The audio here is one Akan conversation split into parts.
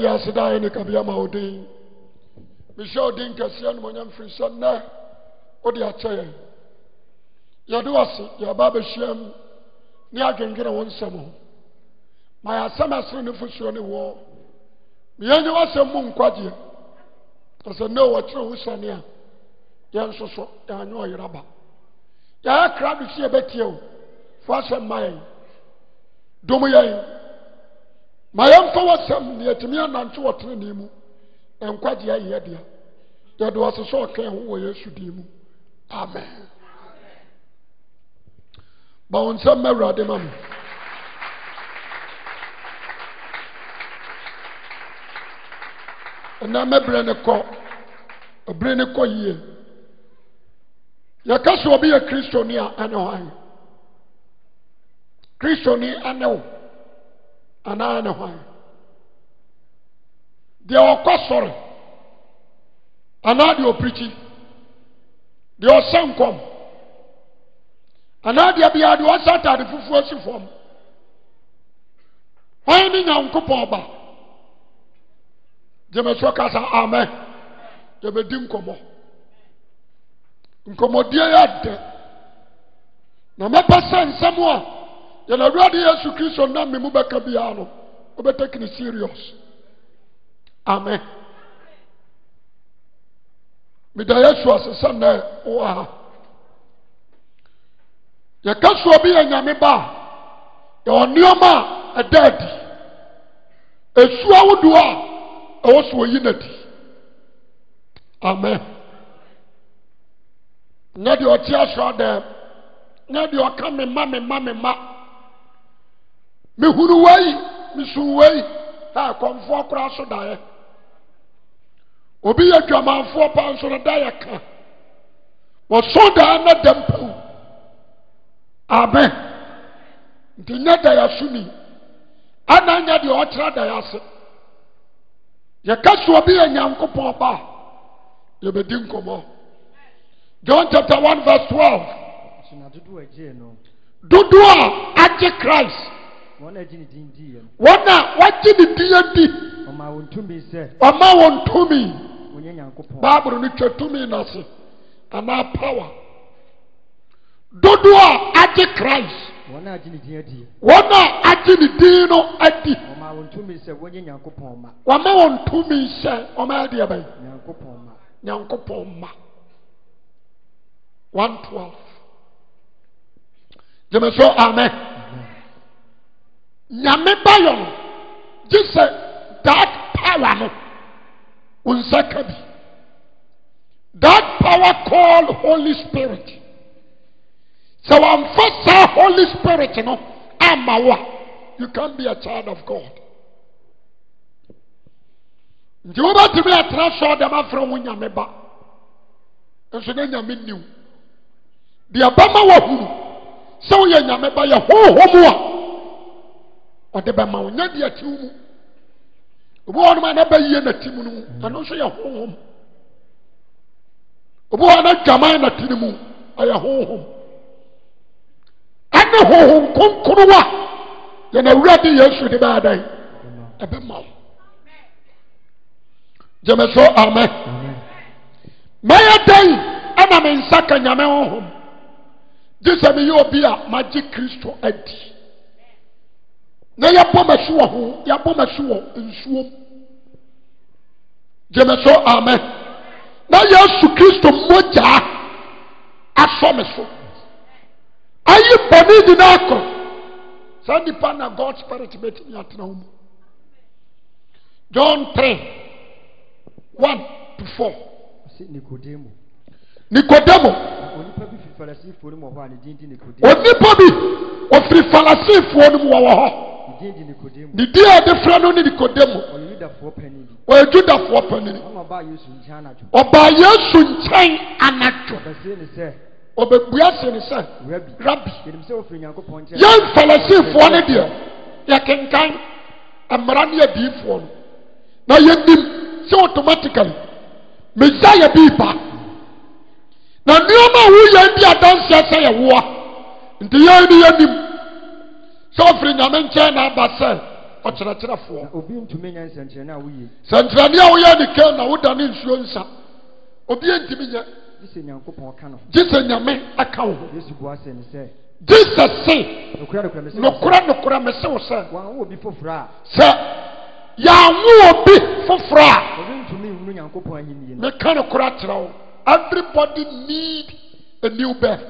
wiase da ne kabea ma wo din mehyɛ wo din kɛseɛ nomɔnyam firi sɛ nnɛ wode akyɛ yɛn yɛde wase yɛba bɛhyiam ne adwendwene wo nsɛm ho ma yɛasɛm asere ne fosuo ne woɔ meyɛnyɛ w'asɛm mu nkwagyeɛ ɛ sɛ nnɛ wɔkyerɛ wo sɛne a yɛn nso so yɛanyɛ ɔyera ba yɛyɛ kra do so yɛbɛtie fa asɛm ma yɛn dom yɛn ma yɛmfa wɔsɛm ne yɛtumi anante wɔ tenenee mu nkwagye ayɛ deɛ yɛde wɔse sɛ ɔka ho wɔ yesu din mu amen ba wo nsɛm ma awurade ma me ɛnɛ mɛbrɛ ne kɔ ɛbrɛ ne kɔ yie yɛka sɛ obi yɛ kristoni a ɛne hwan kristoni ɛne wo anaa ne hwan deɛ ɔkɔ sɔre anaa deɛ ɔpirikyi deɛ ɔsɛ nkɔm anaa deɛ biara deɛ ɔsɛ ataade fufuo si fam hwan ne nyankopɔn ba gyemɛsoɔ kasa amɛ yɛ dɛ na mɛpɛ sɛ nsɛm a yɛn awurade yesu kristo nam mi mu bɛka biara no take ne serious amen meda yesu ase sɛ nnɛ wowɔ ha bi yɛ nyame ba a yɛwɔ nneɔma a ɛda adi ɛsu ahodoɔ a ɛwɔ so wɔyi no amen nyɛ deɛ ɔte asoa dɛm nyɛ deɛ ɔka me ma me ma me ma mehunu wei mesu wei na akɔmfoɔ koraa so daeɛ obi yɛ dwamanfoɔ paa nso no da yɛ ka wɔso daeɛ na da mpawu amen nti nyɛ da yɛ so ni ana nyɛ deɛ ɔkyerɛ da yɛ ase yɛka so obi yɛ nyankopɔn ba a yɛbɛdi nkɔmmɔ john chapter 1 verse 12 dodoɔ a agye christ wɔn a wɔgye ne din di ɔma wɔn tumi baabul no twa tumi n'ase anaa power dodoɔ a agye christ wɔn a agye ne din no adi ɔma wɔn tumi sɛ ɔma adeɛ bɛyɛ nyankopɔn ma one twelve gyeme amen. nyame bayɔ no gye dark power no wo nsa ka bi dark power called holy spirit sɛ wɔamfa saa holy spirit no ama wo a you can be a child of god nti wobɛtumi atena sɔɔ dɛm afrɛ ho nyame ba nso ne nyame niw deɛ bɛma woahunu sɛ woyɛ nyame ba yɛ honhom a ɔde ma wo nyɛ deɛ ti mu obi wɔ nom a na na ti mu no mu ɛno nso yɛ honhom obi wɔ na na ti no mu ɛyɛ honhom ɛne honhom kronkron a yɛn awura de de amen mɛyɛ dan ɛna me nsa ka nyame honhom sɛ obi a kristo adi na yɛbɔ m'akyi wɔ ho yɛabɔ m'akyi wɔ nsuom gye me so amen na yesu kristo mmogyaa asɔ me so ayi bɔne nyinaa kɔ saa nnipa na god spirit bɛtumi atena wo mu john three one to four. 4 nikodemo onipa bi ɔfiri farisifoɔ no mu wɔ hɔ didi a yɛde frɛ no ne nikodemo ɔyɛ judafoɔ panini ɔbaa yesu nkyɛn anadwo ɔbɛbua se ne sɛ rabi yɛn farisifoɔ no deɛ yɛkenkan mmara ne adiyifoɔ no na yɛnim sɛ automatically mesaia bii ba na nneɔma a woyɛn di adanseɛ sɛ yɛwoa nti yɛn ne yɛnim sɛ ɔfiri nyame nkyɛn na aba sɛ ɔkyerɛkyerɛfoɔ obi ntumi nyɛ nsɛnkyerɛnne a woyɛ sɛnkyerɛnne a woyɛ ne kan na woda ne nsuo nsa obi ntumi nyɛ gye sɛ nyankopɔn ka no ho gye sɛ nyame aka wo ho yesu bua sɛ ne sɛ jesus se nokorɛ nokorɛ mese wo sɛ wɔanwo obi foforɔ a sɛ yàwó obi foforɔ a. obi ntumi nwunu nyankopɔn ahenni. meka no, kora kyerɛ wo everybody need a new birth.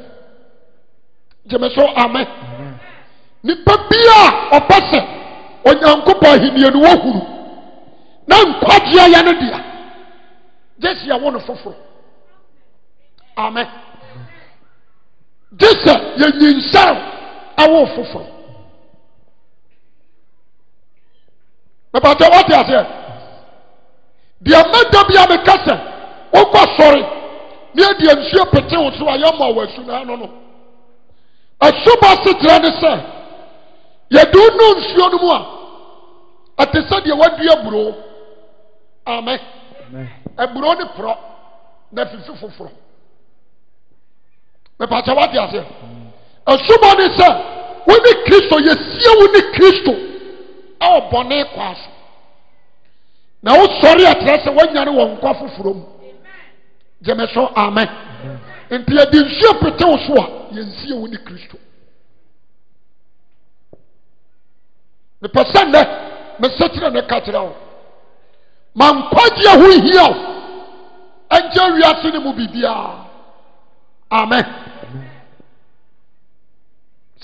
jẹmẹsọ amen. amen. nipa bia a ɔbɛ sɛ onyankopɔn ahenniɛ no na nkwagyeɛ yɛ no dea gye sɛ yɛwo no foforɔ amɛ gye sɛ yɛnyinsaw awo foforɔ mepatɛ wote aseɛ deɛ mɛda bia meka sɛ wokɔ sɔre ne ɛdeɛ nsuo so a yɛma wɔ asu no asubɔ ne sɛ yɛdu no nsuo no mu a ɛte sɛ deɛ wadua aburo amen aburo ne porɔ na fifi foforɔ mepaakyɛ wate aseɛ ɛsomɔ ne sɛ wo ne kristo yɛsie wo ne kristo ɛwɔ bɔne kwaa so na wosɔre ɛtrɛ sɛ woanyane wɔ nkwa foforɔ mu gyeme so amen nti yɛde nsuo pete wo so a yɛnsie wo ne kristo mepɛ sɛ nnɛ mesɛkyerɛ ne ka kyerɛ wo mankwagyeɛ ho nhia wo ɛnkyɛ wiase ne mu biribiara amen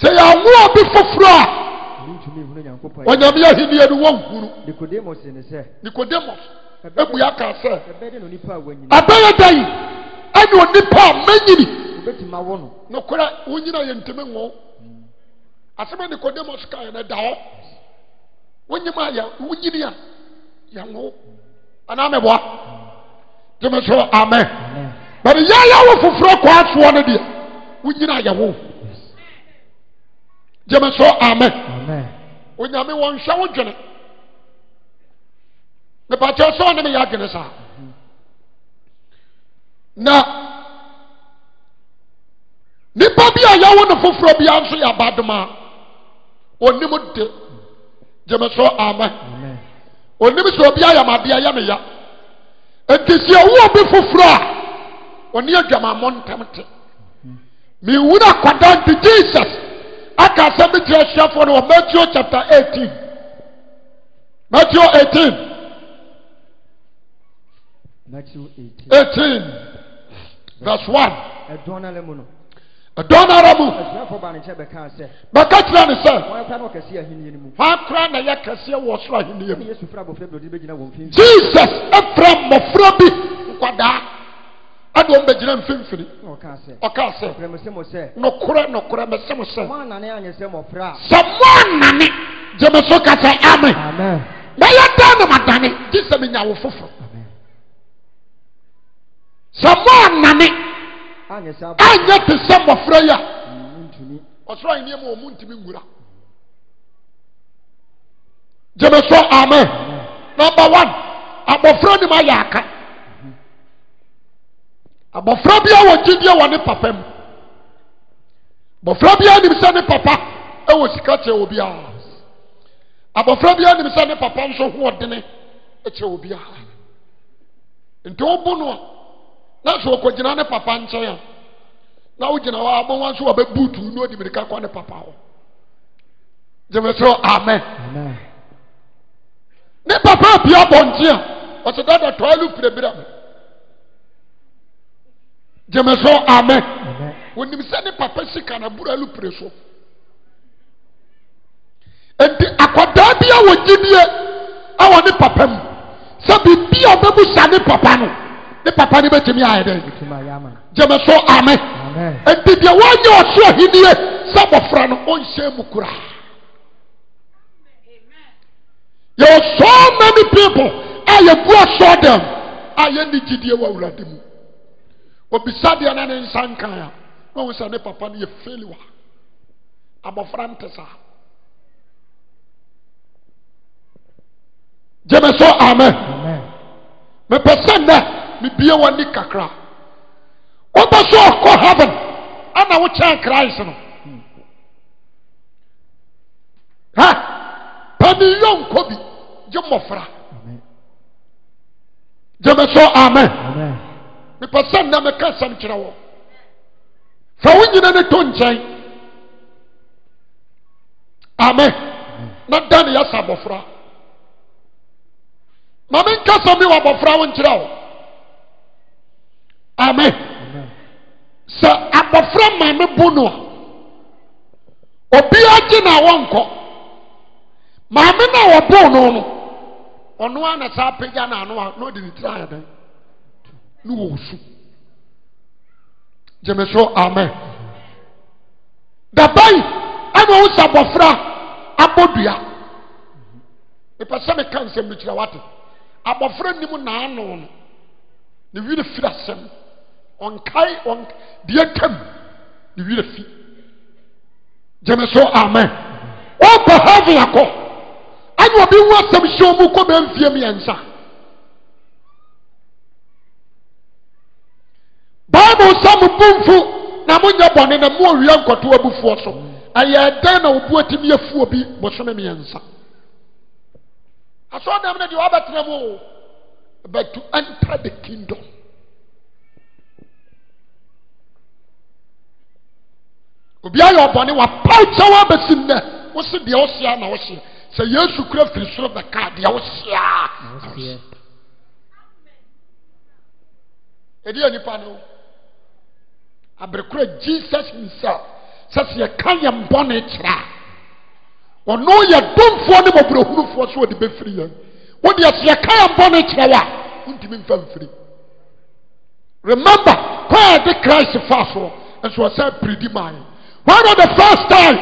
sɛ yɛawoa bi foforɔ a onyame ahenniɛ no wɔnhunu nikodemos abua kaa sɛ ɛbɛyɛ dan ɛne onipa a manyini nokorɛ wonyina yɛ ntimi nwo asɛm nikodemos kaɛ no da hɔ wonyima yɛ wonyini a yɛnwo anaa mɛboa gyeme so amen bɛde yɛyɛ wo foforɔ kɔ asoɔ no deɛ wonyini a yɛwo gyeme so amen onyame wɔnhwɛ wo dwene mepakyɛ sɛ ɔne meyɛ adwene saa na nipa bi a yɛwo no foforɔ biara nso yɛ abadom a ɔnim de gyeme so amen onim sɛ obi ayamadeɛ yɛ ne ya nti sɛ ɔwo obi foforɔ a ɔne adwamammɔ ntɛm te mewunu akwadaa nti jesus aka asɛm bi kyerɛ asuafoɔ no wɔ matthew chapter 18 matthew 18 18 verse one ɛdɔn no mu bɛka kyerɛ ne sɛ hwan na ɛyɛ kɛseɛ wɔ soro ahenniɛ mu jesus ɛpra mmɔfra bi nkwadaa ade wɔn bɛgyina mfimfini ɔkaa sɛ nokorɛ nokorɛ mɛsɛ mo sɛ moanane gye me so ka sɛ amen mɛyɛ dan ne madane gye sɛ menya wo sɛ moanane anyɛ te sɛ mmɔfra yi a ɔsoro ahenneɛ mu ɔmu ntumi nwura gyeme so amen number one abɔfra nim ayɛ aka abɔfra bi a wɔ gyidie wɔ ne papa mu abɔfra bi a nim sɛ ne papa ɛwɔ sika kyerɛ wɔ biara abɔfra bi a nim sɛ ne papa nso ho ɔdene kyerɛ wɔ biara nti wobu no a na afei ɔkɔgyina ne papa nkyɛn a na wogyina hɔ a bɔnwa nso wɔbɛbu tu na odi mirika kɔ ne papa hɔ gyeme sɛ amen ne papa apie abɔnten a ɔsɛ dada tɔa lu pirabira me gyeme sɛ amen onim sɛ ne papa sika na bura lu pire so nti akwadaa bi a wɔgyidie awɔ ne papa mu sɛ biribi a ɔbɛbu sa ne papa no ne papa ne bɛtumi ayɛ dɛ gyeme so amen nti deɛ wanyɛ ɔsoro ahennie sɛ bɔfra no mu kura yɛwɔ so many people a yɛgu asɔ dɛm a yɛnni gyidie wɔ awurade mu obisa deɛ na ne nsa nkan a na ɔhu sɛ ne papa no yɛ failure abɔfra nte saa gyeme so amen mepɛ sɛ bibie ni kakra wobɛ so ɔkɔ heaven ana wokyɛn christ no ha paniyɔ nkɔ bi gye mmɔfra gye so amen mepɛ sɛ nnɛ meka sɛm kyerɛ wɔ fa wo nyina ne to nkyɛn amen na da ne yɛsa abɔfra ma menkasa me wɔ abɔfra wo nkyerɛ wo amen sɛ abɔfra maame bu no a Obi agye na wɔnkɔ maame na a wɔbɔɔ no no ɔno a na saa pagya no ano a na ɔde ne tiri ayɛ dɛn ne wɔn su gyeme so amen dabae ɛna ɔwo sɛ abɔfra abɔ dua mepɛ sɛ meka nsɛm bi kyerɛ wate abɔfra nim naano no ne wi ne firi asɛm ɔnkae ɔn deɛ tam ne werɛ fi gyeme so amen wɔkɔ heaven akɔ ane obi ho asɛm hyɛ mu kɔ bɛmfie mmiɛnsa bible sɛ mo bomfo na monyɛ bɔne na moawia nkɔto abufoɔ so ɛyɛ dɛn na wobu atumi afuo bi bosome mmiɛnsa asɔɔdam no deɛ wabɛtena mu but to enter the kingdom obi ayɛ ɔbɔne wapaw kyɛ wo abɛsim nɛ wo se deɛ wosia na wohyɛ sɛ yesu kura firi soro bɛka deɛ wosia ɛdi yɛ nipa no aberekora jesus himself sɛ sɛ yɛka yɛ mbɔne kyerɛ a ɔno yɛ domfoɔ ne mɔborɔhunufoɔ so wɔde bɛfiri yɛn wodeɛ sɛ yɛka yɛ mbɔne kyerɛ wo a wontumi mfa mfiri remember kwan a yɛde christ faa soɔ nso ɔsɛ piridi maa yɛn one of the first time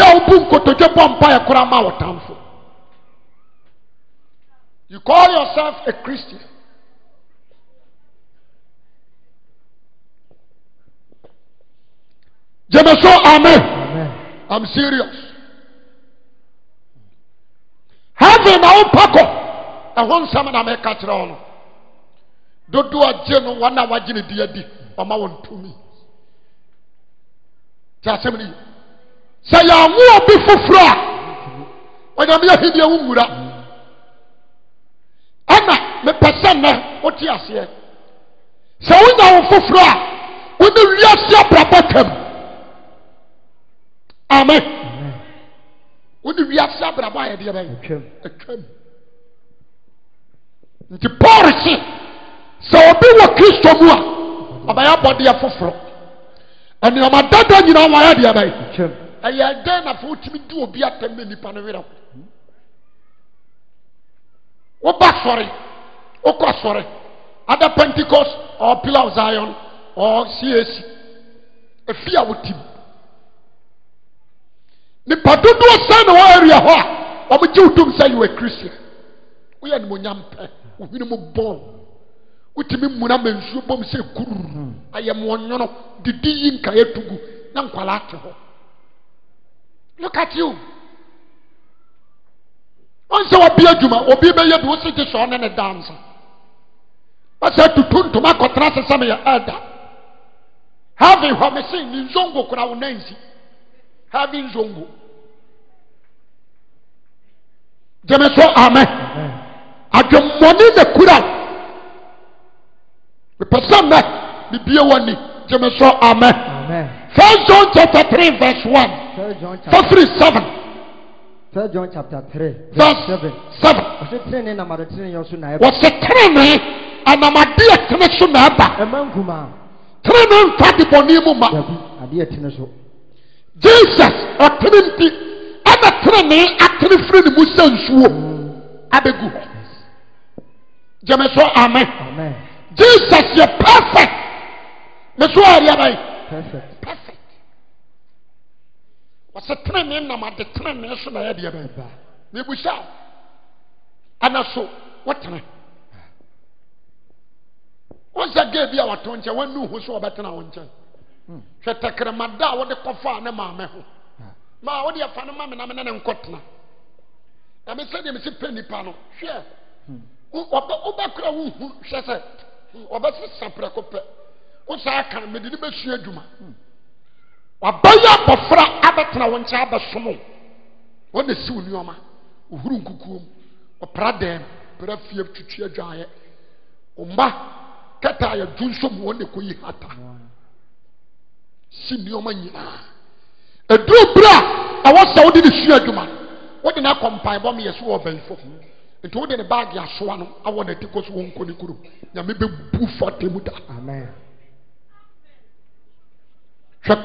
yà ó bu nkotodwe bọ mpa yẹ kura ma wọ tamfo you call yourself a christian. jẹmẹ sọ amen i'm serious heaven na ó pakọ ẹhọ nsọm na mẹka kyerẹ ọ no dodo a gye no wọn a wagye ne di adi ọma wọn tumi ti asɛm no yi sɛ yɛawo obi foforɔ a onyame yɛhediɛ wo nwura ɛna mepɛ sɛ nnɛ wote aseɛ sɛ wonya wo foforɔ a wone wiase abrabɔ twam amen wone wiase abrabɔ a yɛdeɛ bɛyɛ atwam nti paul se sɛ obi wɔ kristo mu a ɔbɛyɛ abɔdeɛ foforɔ ɛnneɛma dada nyinaa wɔayɛ deɛ bɛyɛ ɛyɛ dɛn na fo tumi di obi atɛm ne nipa no werɛ woba sɔre wokɔ sɔre ada pentecost or pillar of zion or cac efi a wotim nipa dodoɔ sɛn na wɔn area hɔ a wɔn gye wotum sɛ yɛ wɔ christian woyɛ nimonyam pɛ ohun mu bɔn wotumi mmuna ma nsuo bom sɛ kururu hmm. ayɛ didi yi nkaeɛ tugu na nkwalaa te hɔ look at you wọn sɛ wɔbi adwuma obi bɛyɛ bi wosi gye sɔɔ ne ne dansa wɔsɛ tutu ntoma kɔtena sesɛm yɛ ɛda havi hɔ me se ne nzongo kora wo nansi havi nzongo gyeme so amɛ na kura mepɛ sɛ mɛ bibie wɔ ni gyeme sɔ amɛ first john chapter three verse one fafiri seven. First John chapter three verse seven. Seven. Wɔsi tirinni namadi tirinni yɛ so na ɛba. Wɔsi tirinni anamadi ɛtini so na ɛba. Ɛmɛ nkuma. Tirinni nfa di bɔ ni mu ma. Dabi adi ɛtini so. Jesus ɔtini nti ɛna tirinni atini firi ni mu sɛ nsuo mm. abegu. Jɛmɛsɔ amɛ. Amɛ jesus yɛ perfect meso adeɛ bae perfect perfect wɔsɛ tenenee nam ade tenenee so na yɛdeɛ bɛɛ mebusa ana so wotene wonsɛ ga bi a wɔto nkyɛn woanu ho so wɔbɛtena wo nkyɛn hwɛ tɛkrɛmada a wode kɔfaa ne maamɛ ho ma wode yɛfa no ma me na me ne ne nkɔtena na mesɛdeɛ mesi pɛ nnipa no hwɛ wobɛkora wohu hwɛ sɛ ɔbɛsesa prɛko pɛ wo saa ka no mede ne bɛsua adwuma wabɛyɛ abɔfra abɛtena wo nkyɛn abɛsom wo wɔna si wo nneɔma ohuru nkukuom ɔpra dɛm pra fie twitwi adwaeɛ ɔmba kɛta yɛdwo nso mu wɔne kɔyi hata si nneɔma nyinaa ɛduru berɛ a ɛwɔ sɛ wode ne sua adwuma wode no akɔ mpaebɔ meyɛ so wɔ ɔbɛnfo nti wode ne baage asoa no awɔ n'ati kɔ so wɔnkɔ ne kurom nyame bɛbu fatemu da hwɛ kwan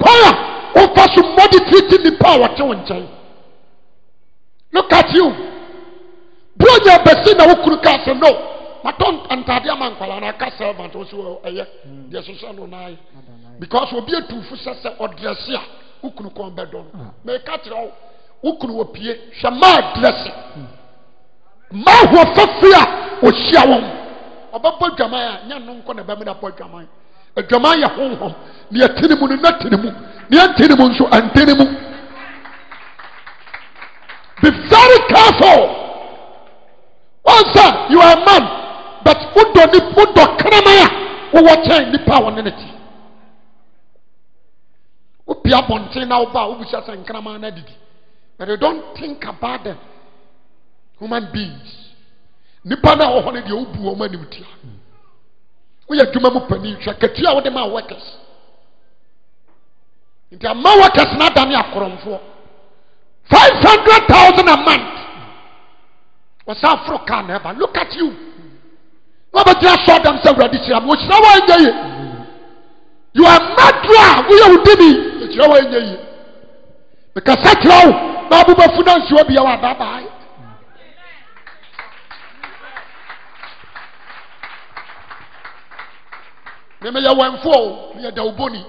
a wofa so mmɔde tiriti nipa a wɔte wo nkyɛn no ka kye o buro nyɛ bɛsi na wo kunu kaa sɛ no matɔ ntaade ama nkwalaa no aka servant wo sɛ ɛyɛ hmm. deɛ sohyɛ no naayɛ because obi atufo sɛ sɛ ɔdrɛse a wo kunu kɔn bɛdɔ no ah. mɛka kyerɛ wo wo kunu wɔ pie hwɛ maa drɛse hmm. mahoɔ fafe a ɔhyia wɔn ɔbɛbɔ adwaman a nyɛ no nkɔ na ɛbɛmena bɔ adwaman adwaman e yɛ honhom ne yɛtene mu no na tene mu ne yɛntene mu nso antene mu be very careful wansa you are a man but wodɔ ni wodɔ kraman a wowɔ kyɛn nipa a wɔne ne ti wopia abɔnten na woba a wobisa sɛ nkraman no adidi but you don't think about them human beings nipa no a wɔhɔ no deɛ wobu wɔn animtia woyɛ adwuma mu pani hwɛ katua a wode ma workers nti ama workers no adane akorɔmfoɔ five hundred thousand a month wɔsan foro kaa na ɛba look at you na wɔbɛgyina sɔɔ dam sɛ awurade hyira mu wɔhyira wɔ anyɛ yie you are madra. a woyɛ wo dini wɔhyira wɔ anyɛ yie mekasa kyerɛ wo na wobobɛfu no nsuo bia wɔ adabaae mɛmɛ yɛ wɔn fo o yɛ da o bo ni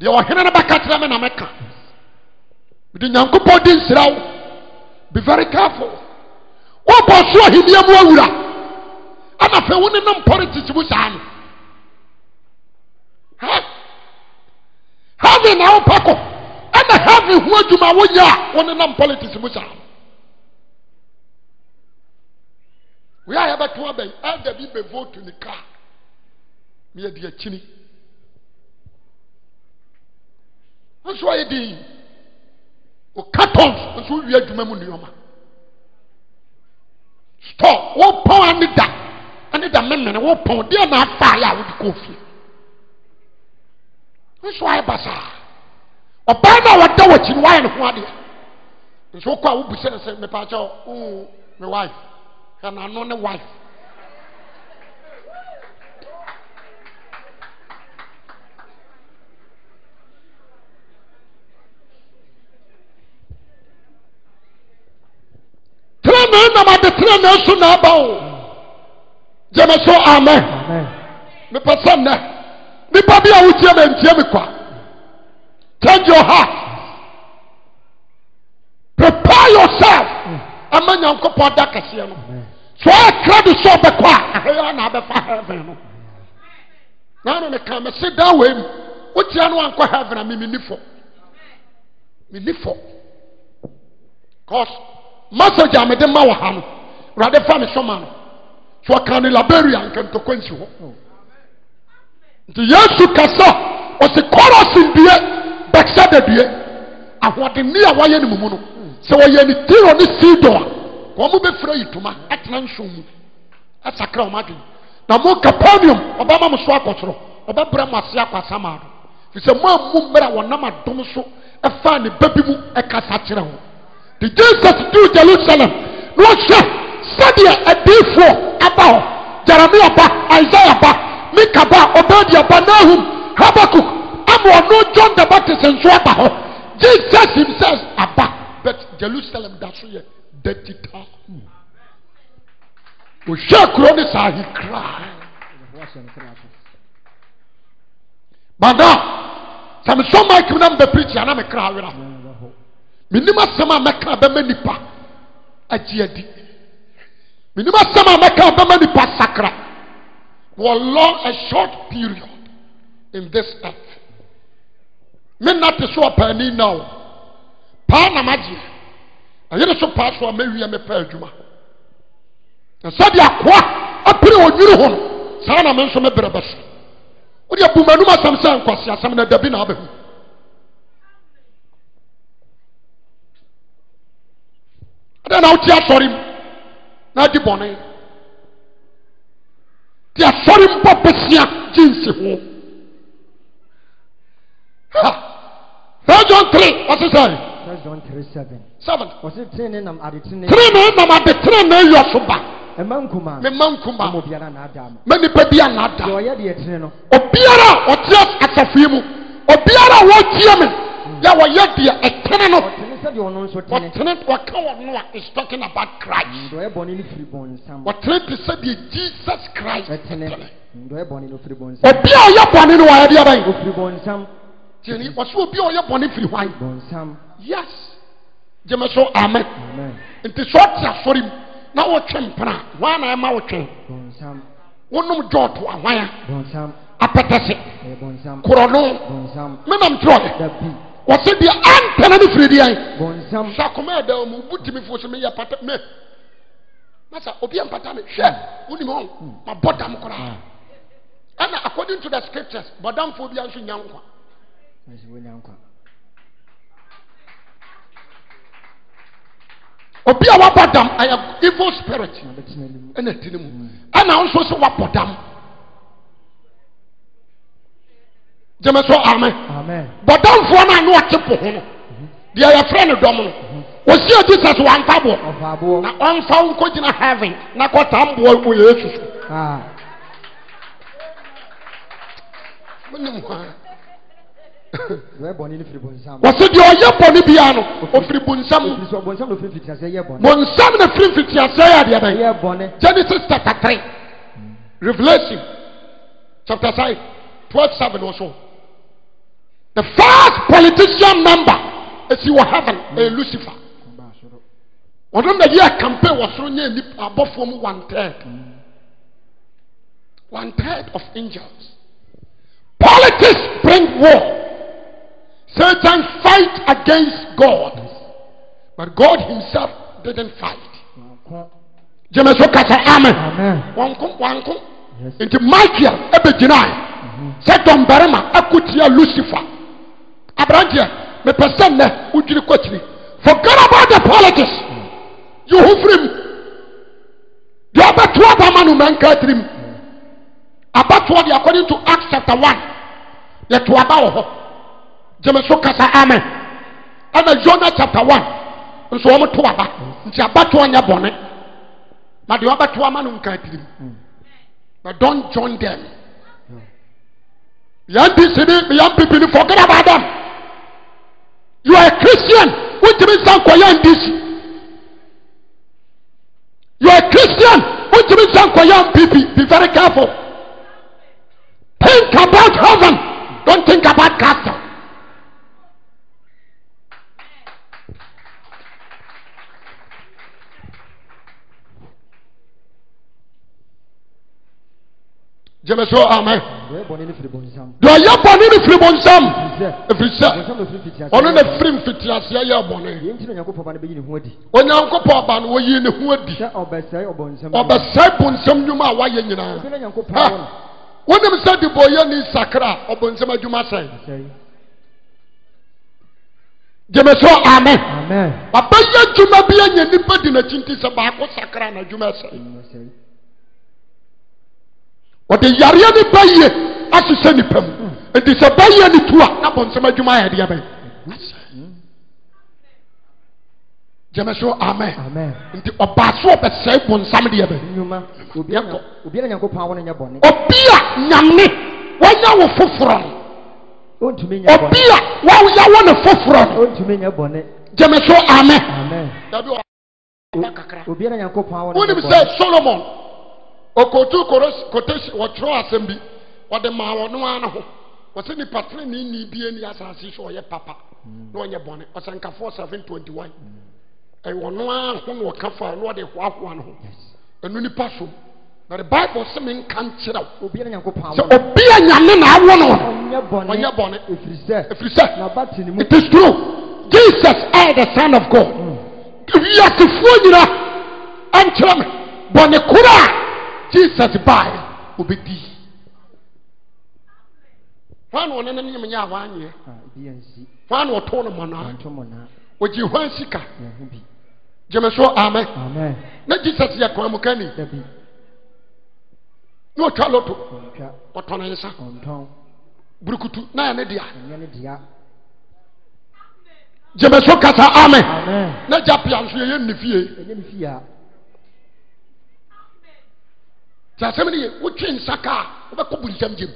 deɛ ɔhene no bɛka kyerɛ me na mɛka mede nyankopɔn di nsira wo be very careful wobɔ so ahenniɛ mu awura ana afei wo ne nam politics mu saa no heaven na wopɛ kɔ ɛna heaven ho adwuma woyɛ a wo ne nam politics mu saa no wei a yɛbɛto abɛn ɛda bi bɛvoto ne kaa na yɛdi akyini nso ayɛ din ɔka tɔns nso wowie adwuma mu nneɔma stɔ wɔpɔn ane da ane da memene wɔpɔn deɛ na afa yɛ a wode kɔɔ fie nso ayɛ basaa ɔbaa no a wɔda w'akyi no woayɛ ne ho adeɛ nso wokɔ a wobu sɛ sɛ mepaakyɛ mewif hwɛ naano ne wife na nam adetena na so na aba wo gyeme so amen mepɛ sɛ nnɛ nnipa bi a wotie me ntie me kwa change your heart prepare yourself ama nyankopɔn da kɛseɛ no sɛ ɔyɛ krado sɛ ɔbɛkɔ a ahɛyɛ na abɛfa heaven no na ano ne ka me se dan wei mu wotia no wankɔ heaven a me n'ifo fɔ fɔ cause masagi a mede ma wɔ ha no awurade fa me sɔma no so ɔka ne liberia nkɛntɔkwa nsi hɔ nti yesu kasa ɔsi kɔrɔsin due bɛksɛda due ahoɔdenni a ni ne mumu no sɛ tiro ne a wɔn mo bɛfira yi toma ɛtena nson mu ɛsakra wɔn adwene na mo capernaum ɔbɛma mo so akɔ soro ɔbɛbrɛ mo ase akɔ asama do fisɛ mo a mo mmerɛ a wɔnam adom so ɛfa ne ba bi mu ɛkasa kyerɛ ho. de jesus duu jerusalem na ɔhwɛ sɛdeɛ adiifoɔ aba hɔ jeremia ba isaia ba mika ba obadia ba nahum habakuk ama ɔno john the baptist nso aba hɔ jesus himself aba but jerusalem da so yɛ dirty town ɔhwɛ kuro ne saa he cry but now sɛ mesɔ mike na mbɛpirikyi ana mekra werɛ menim asɛm a mɛka bɛma nipa agye adi menim asɛm a mɛka bɛma nipa sakra wɔlɔ a short period in this earth me na te so ɔpaani now. o paa na magyeɛ ɛyere so paa so a mɛwie mepɛ adwuma na sɛdeɛ akoa apere ɔnwiri ho no saa na me nso mebrɛ bɛso wode abumanum asɛm sɛ nkwase asɛm na dabi na abɛhu ɛdɛ na wote asɔre mu na adi bɔne te asɔre mpɔ bɛsia gye nsi ho ha First John three ɔsi sɛ. First John three seven. seven. ɔsi tiri ne nam adi tiri ne. tiri ne nam adi tiri ne yɔ so ba. ɛmɛ nkuma. mɛmɛ nkuma. mɛ obiara n'a da ma. mɛ nipa bi a n'a da. ɔyɛ deɛ tiri no. obiara ɔtiɛ asafie mu obiara wɔtie mi yɛ wɔyɛ deɛ ɛtiri no wɔtene wɔka wɔn no a is talking about Christ wɔtene te sɛ deɛ Jesus Christ tene obi a ɔyɛ bɔne no wɔyɛ deɛ bɛn tiɛni wɔsɛ obi a ɔyɛ bɔne firi hwan yes gyeme amen nti sɛ ɔte asɔre mu na wɔtwe mpena hwan na ɛma wɔtwe wonom gyɔɔto ahwan a apɛtɛse korɔ no menam trɔɛ wɔsi deɛ antana ne firi deɛ. bɔnsam sakoma ɛda wɔn mu bu timi fo so mi yɛ pata mɛ masa obi yɛ mpata mi hwɛ wuli mi wɔn ma bɔ dam koraa mm. ɛna according to the scriptures bɔdamfo bi nso nya nkwa. obi a wabɔ dam ɛyɛ evil spirit ɛna ti ne mu mm. ɛna nso so wabɔ dam. gyeme so amen bɔdɔmfoɔ no a ne ɔte po ho no deɛ yɛfrɛ no dɔm no ɔsi a jesus wamfa boɔ na ɔmfa wo nkɔgyina heaven na kɔtam boɔ wɔ yesu so wonim hɔ wɔsi deɛ ɔyɛ bɔne biara no ɔfiri bonsam bonsam na firi mfitiasɛe adeɛ bɛn genesis chapter three, revelation chapter 5 twelve, seven, or The first politician member is your heaven, a mm. Lucifer. Ọdún náà yẹ kàmpé wọ soro nye nípa abọ́fọ́ mu one third mm. one third of angels. Politics bring war. Satan fight against God, mm. but God himself didn't fight. Jẹ́mẹ̀sọ́ kàtà amen. Wọ́n kún wọ́n kún. Nti Michael mm-hmm. ẹ bẹ̀ gyina yẹn. Sẹ́ dọ̀mbẹ̀rẹ̀ Lucifer aberanteɛ mepɛ sɛ nnɛ wodwiri kɔkyiri forget about the politics yi ho firi mu deɛ ɔbɛto aba ma no mɛnka tiri mu abatoɔ deɛ according to acts chapter one yɛto aba wɔ hɔ gyeme so kasa amen ɛna yona chapter one nso wɔn to aba nti abatoɔ nyɛ bɔne na deɛ ɔbɛto ama no nka tiri mu but don't join them yɛn ti si ni yɛn pipi ni forget about them. you are a christian wontumi nsa nkɔyɛ ndc you are a christian wontumi nsa nkɔyɛ npp be very careful think about heaven don't think about castle. Jẹ́mi sọ amen. deɛ ɔyɛ bɔne no firi bonsam ɛfiri sɛ ɔno na firi mfitiaseɛ yɛ bɔne onyankopɔn aba no wɔyii ne ho adi ɔbɛsɛe bonsam nnwuma a woayɛ nyinaa wonim sɛ de bɔyɛni sakra a ɔbonsam adwuma sɛe gyeme so amen ɔbɛyɛ adwuma bi anya nnipa di n'akyi nti sɛ baako sakra na adwuma ɛsɛe wɔde yareɛ ne ba yie ahyehyɛ nnipa mu nti sɛ ba yie ne tu a na bɔnsɛm adwuma ayɛ deɛ bɛyɛ gyeme so amen nti ɔbaa so ɔbɛsɛe bonsam deɛ bɛyɛ yɛkɔ obi a nyame wanya wo foforɔ no obi a woyawɔ ne foforɔ no gyeme so amen wonim sɛ solomon ɔkɔtu kotation wɔtwerɛ asɛm bi wɔde maa wɔno ara ne ho wɔsɛ nipa tereneni bie ni asase so ɔyɛ papa hmm. na ɔnyɛ bɔne ɔsɛnkafoɔ 721 ɛyɛ wɔno ara ho na ɔka fa na ɔde hoahoa ne ho ɛno nipa so na the bible sɛ me nka nkyerɛ wo sɛ obia nyame na awo no ɔnyɛ bɔne ɛfiri sɛ it is true jesus are the son of god hmm. wiasefoɔ nyina ɛnkyerɛ me bɔne koro jesus baeɛ obɛdi hwan na ɔne no ah, ne nyɛ a wanyeɛ hwan na ɔtoo no mɔnaa ɔgye hwan sika gyeme so amɛ na jesus yɛ kwan mu kani na ɔtwa loto ɔtɔne nsa burukutu na yɛ ne dea gyeme kasa amen. na gya pia nso yɛyɛ ne fie nti asɛm no yɛ wotwe nsa kaa wobɛkɔ bu nsɛm gyem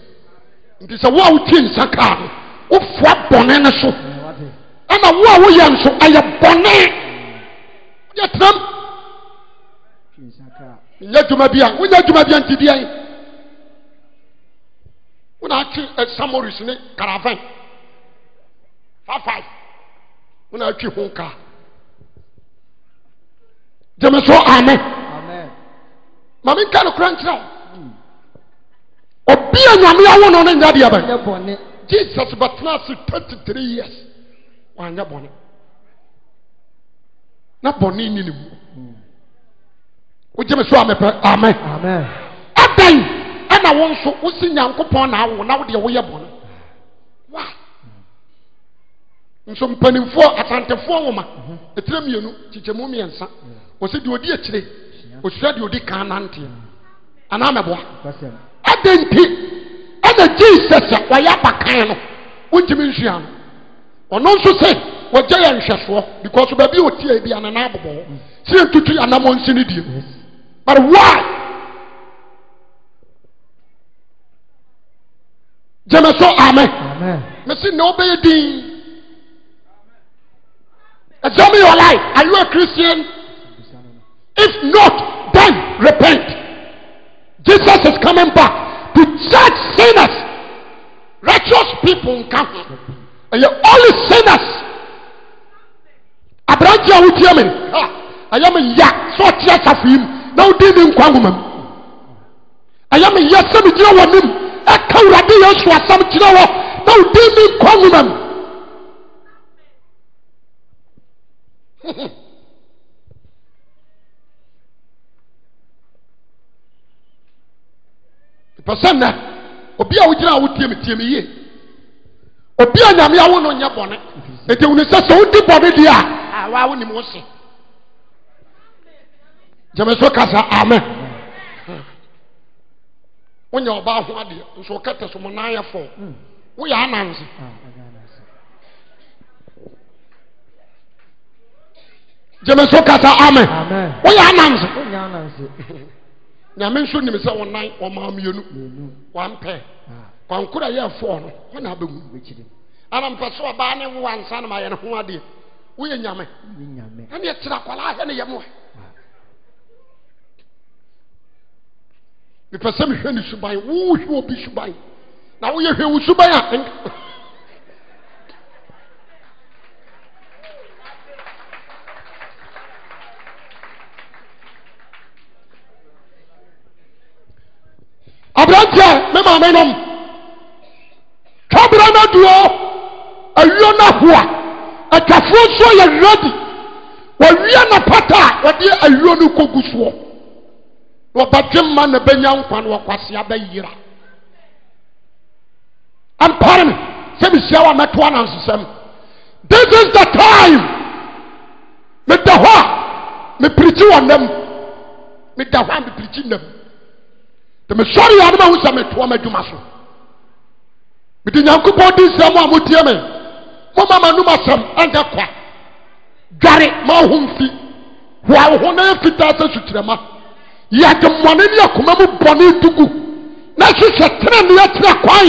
nti sɛ wo a wotwe nsa kaa no wofoa bɔne no so ɛna wo a woyɛ nso ɛyɛ bɔne woyɛ tenam nyɛ dwuma bia wonyɛ dwuma bia nti biɛn wonaatwe eh, samoris ne karavan fafae wonaatwe ho kaa gyeme so amen ma menka nokora nkyerɛ wo obi a nyame awo na no nyɛ deɛ bɛ jesus bɛtena ase 23 years wanyɛ bɔne na bɔne ni ne mu wogye me so a mepɛ amen ɛdɛn ɛna wo nso wosi nyankopɔn na awo na wodeɛ woyɛ bɔne wa nso mpanimfoɔ asantefoɔ woma ɛtirɛ mmienu kyikyɛmu mmiɛnsa ɔsɛ deɛ ɔdi akyire osua deɛ odi kan nanteɛ anaa mɛboa ɛdɛ nti ɛna jesus a wɔyɛ abakan no wontumi nsua no ɔno nso sɛ wɔgye yɛ nhwɛsoɔ because baabi a ɔtie bi anana abobɔ hɔ mm. si yɛ ntutu anamɔ nsi ne die but why gyeme so amen mesi na wobɛyɛ din examine your life are you a christian If not, then repent. Jesus is coming back to judge sinners. Righteous people come. And you're only sinners. Abranti awo tie mi ɛyɛ mi ya sɛ ɔte asa fi mu na ɔdi ni nkwa nwoma mu ɛyɛ mi ya sɛ mi gyina wɔ nim ɛka wurade yɛ nsu asam gyina wɔ fɛsɛ obi a wogyina a wotie me yie obi a nyame awo no nyɛ bɔne ɛti wone sɛ sɛ a waa wonim wo se gyame so amen ho adeɛ nso so mo nan nyame nso nim sɛ wɔnan ɔmaa mmienu one pair kwankora yɛ foɔ no wɔn na abɛmu ana mpɛ so ɔbaa ne nwa nsa na ma yɛ ne ho adeɛ woyɛ nyame ɛne ɛtena akwalaa hɛ ne yɛ mo mepɛ sɛ mehwɛ ne suban wowohwɛ obi suban na woyɛ hwɛ wo suban a aberanteɛ me maame nom twabra no aduɔ awio no ho a atwafoɔ nso yɛ ready wɔawia na pata a wɔde awio no kɔgu soɔ na wɔbɛdwe mma na bɛnya nkwa no wɔkwasea bɛyera ampare me sɛ mehyia wo a mɛto anansesɛm this is the time meda hɔ a mepirikyi wɔ nam meda hɔ a mepirikyi nam tẹmẹsọrọ yà ọdún ahun sẹ mi tó ọmọ ẹdwuma so mìtì nyankopɔ di nsɛm a motie me mo ma ma num asɛm ɛnyɛ kwa dware ma ho mfi hoa wo ho na yɛ fitaa sɛ sutirɛma yɛde mmɔne ne akoma mu bɔne dugu na hyehyɛ tena ne yɛtena kwan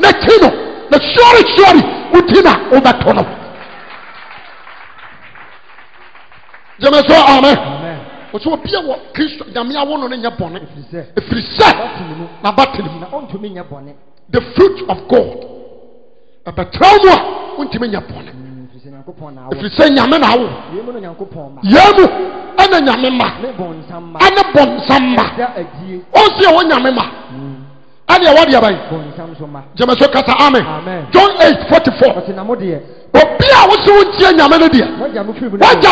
na kyi no na sɔre sɔre woti na wobɛto no gyeme so amen ɔsɛ obi a wɔ kristo nyame awo no ne nyɛ bɔne ɛfiri sɛ naba tene the fruit of god ɛbɛtrɛw mu a wontumi nyɛ bɔne mm, ɛfiri sɛ nyame na awo yɛ mu ɛna nyame ma ɛne bɔnsam ma ɔnsi ɛwɔ nyame ma mm. ɛne ɛwɔ deɛ bɛn gyeme so kasa amen john 8 44 obi a wosi wo ntie nyame no deɛ wagya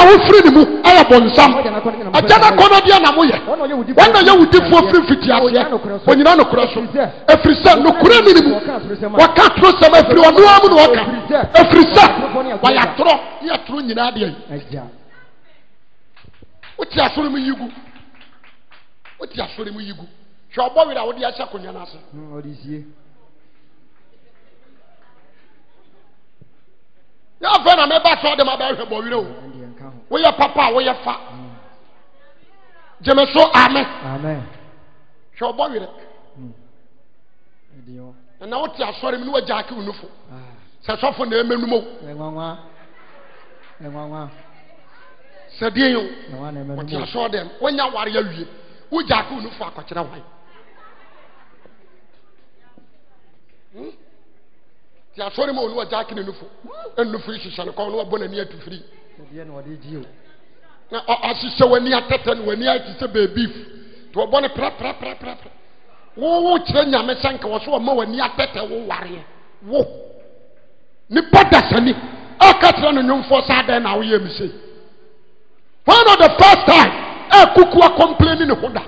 wo firi ne mu ɛyɛ bɔnsam agya na kɔnɔ deɛ na moyɛ wɔn na yɛ firi mfiti aseɛ onyina nokorɛ so ɛfiri sɛ nokorɛ ne ne mu wɔka toro sɛm afiri ɔnoa mu na wɔka ɛfiri sɛ wɔyɛ atorɔ ne atoro nyinaa deɛ wote asɔre mu yi gu wote asɔre mu yi gu hwɛ ɔbɔ werɛ a wode ahyɛ akonnwa no ase hmm, yà fẹ́ na mẹ́bà tó ọdẹ ma bẹ́ẹ̀ hwẹ́ bọ̀ wíwẹ́ o wọ́yẹ papa wọ́yẹ fa jẹmẹsọ amẹ hwẹ ọbọ wíwẹ́ ẹnna wọ́n ti asọ́rin mi ni wọ́n gya akíw nufu sẹ́sọ́fọ́ na ẹ̀mẹ́ numu sẹ́díẹ̀ yìí wọ́n ti asọ́ dẹ̀ wọ́n nyà wàrí yẹ wíyẹ wọ́n gya akíw nufu akọ̀kyerẹ́ wáyé yasɔre ma olu wa jaaki ne nufu enufu yi sisane kɔn olu wa bɔ n'ani atu firi. na ɔ asise wani atɛtɛ ni wani ati sɛ beebi to ɔbɔ ne pɛrɛpɛrɛpɛrɛpɛrɛ wowo kyerɛ nyame sɛ nka wɔso ɔma wani atɛtɛ wo wareɛ wo nipa dasani aka kyerɛ no nyɔnfɔ saa dɛn na awoyɛ mi se one of the first time ɛ kukuwa kɔmpleni ne ho da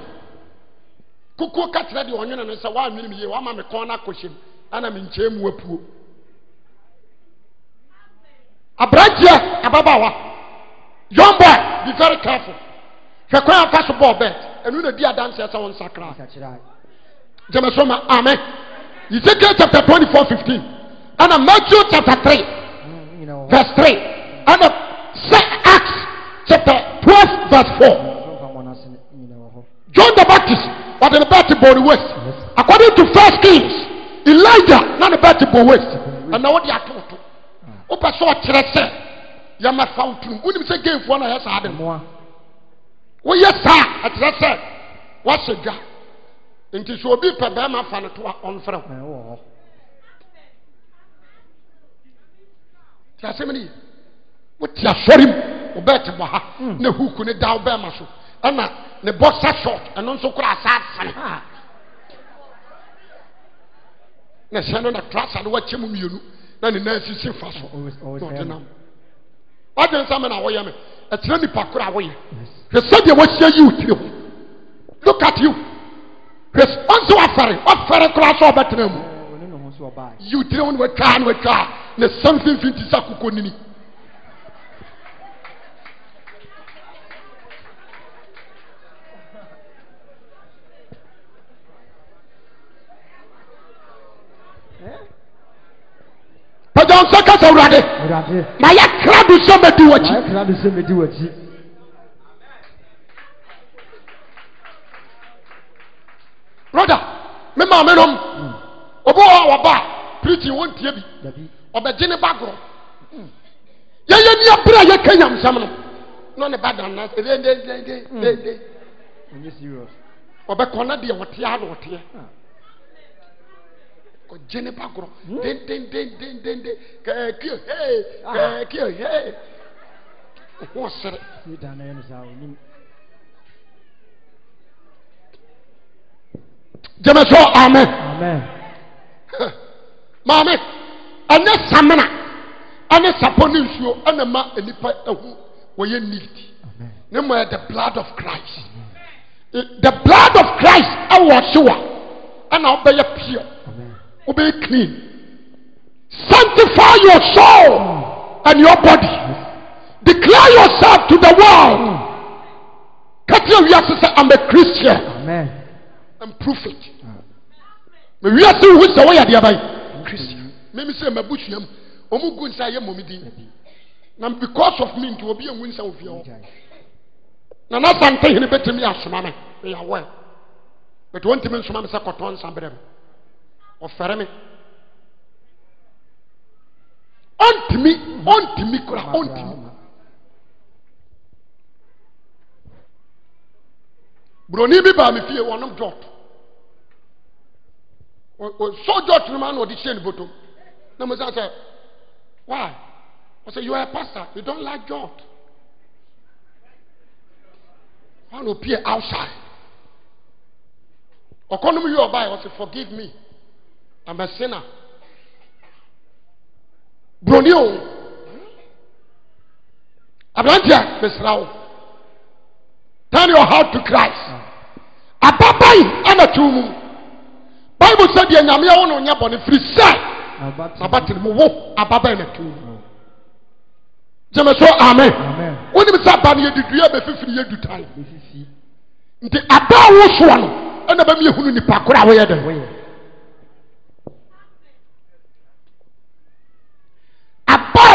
kukuwa ka kyerɛ deɛ ɔnyina ne nsa waa nwene mi yie wama me kɔn na akɔhyɛ mu ana me nkyɛn mu apuo. That year, Ababawa. Young boy, be very careful. Hwɛ kwan afa so bɔɔ bɛɛ ɛnu na di adansi ɛsɛ wɔn nsakra jɛmɛsɔma amen ezekiel chapter twenty four fifteen ɛna matthew chapter three verse three ɛna sɛ acts chapter twelve verse four john the baptist ɔde ne bɛɛ ti bɔ ne west according to first kings elijah na ne bɛɛ ti bɔ west ɛna wɔde ato to. wopɛ sɛ ɔkyerɛ sɛ yɛmɛfa wo tirim wonim sɛ gamfoɔ no ɛyɛ saa de mmoa woyɛ saa ɛkyerɛ sɛ woahyɛ dwa nti sɛ obi pɛ bɛrima fa no to a ɔmfrɛ wo nti asɛm no yi wote asɔre mu wobɛɛte bɔ ha hmm. na huku ne da wo bɛrima so ɛna ne bɔsa short ɛno nso kora asa asene na hyɛ no na trasa no wakyɛ mu mmienu na ne nan sisi fa so ɔde nam ɔde nsa mi na wɔyɛ mi ɛkyerɛ nipa koro a wɔyɛ hwɛ sɛdeɛ wɔahyia yi o tiri ho look at you hwɛ ɔnso wafɛre ɔfɛre koro aso ɔbɛtena mu yi o tiri ho na wɔatwa na wɔatwa na sɛm finfin ti sa koko nini. ɔgya nsa kasa awurade na yɛkra do sɛ mɛdi w'akyi broda me maame nom hmm. obi wɔ wɔba preaching wɔn tie bi ɔbɛgye ne ba gorɔ hmm. yɛyɛ ni abira yɛ kɛ nyamsɛm no na ne ba dan na se de de de de de ɔbɛkɔ na deɛ wɔteɛ a na ɔteɛ. Hmm kɔgye nipa korɔ dendendendendende kɛɛkio hee kɛɛkio hee ɔho ɔsere gyeme so amen maame ɛne samena ɛne sapɔ ne nsuo ɛna ma nipa ɛho wɔyɛ need ne mo yɛ the blood of christ the blood of christ ɛwɔ sewa ɛna ɔbɛyɛ pure. will be clean. Sanctify your soul and your body. Declare yourself to the world. Catherine Wiase said, I'm a Christian. Amen. I'm it. Me wiase the way why ade abai? Christian. Me me say me busuam. Omu gu nsa ye momi din. Na because of me nti obi enwu nsa ofia. Na na sante hene betimi asoma me. Me ya well. But won't me nsoma me say koton sambrem. ɔfɛre me ɔntimi ɔntimi kora ɔntimi buroni bi baa mi fie wɔnom dɔt so dɔt no ma na ɔde hyɛ ne bɔtɔm na mo san sɛ why say you are a pastor you don't like dɔt wɔn na opie outside ɔkɔnum yi ɔbaa yɛ say forgive me. I'm a sinner. Broni o. Abranteɛ mesra Turn your heart to Christ. Ababayi ɛna tu mu. Bible sɛ deɛ nyame awo na onyɛ bɔne firi sɛ. Abatiri mu wo ababayi na tu mu. Jẹ́mi amen. Wọ́n sá ba ni yẹ dudu yẹ bẹ fifiri yẹ dutan. Nti ada awo soɔ no ɛna bɛ mi yɛ nipa koro wɔyɛ dɛ.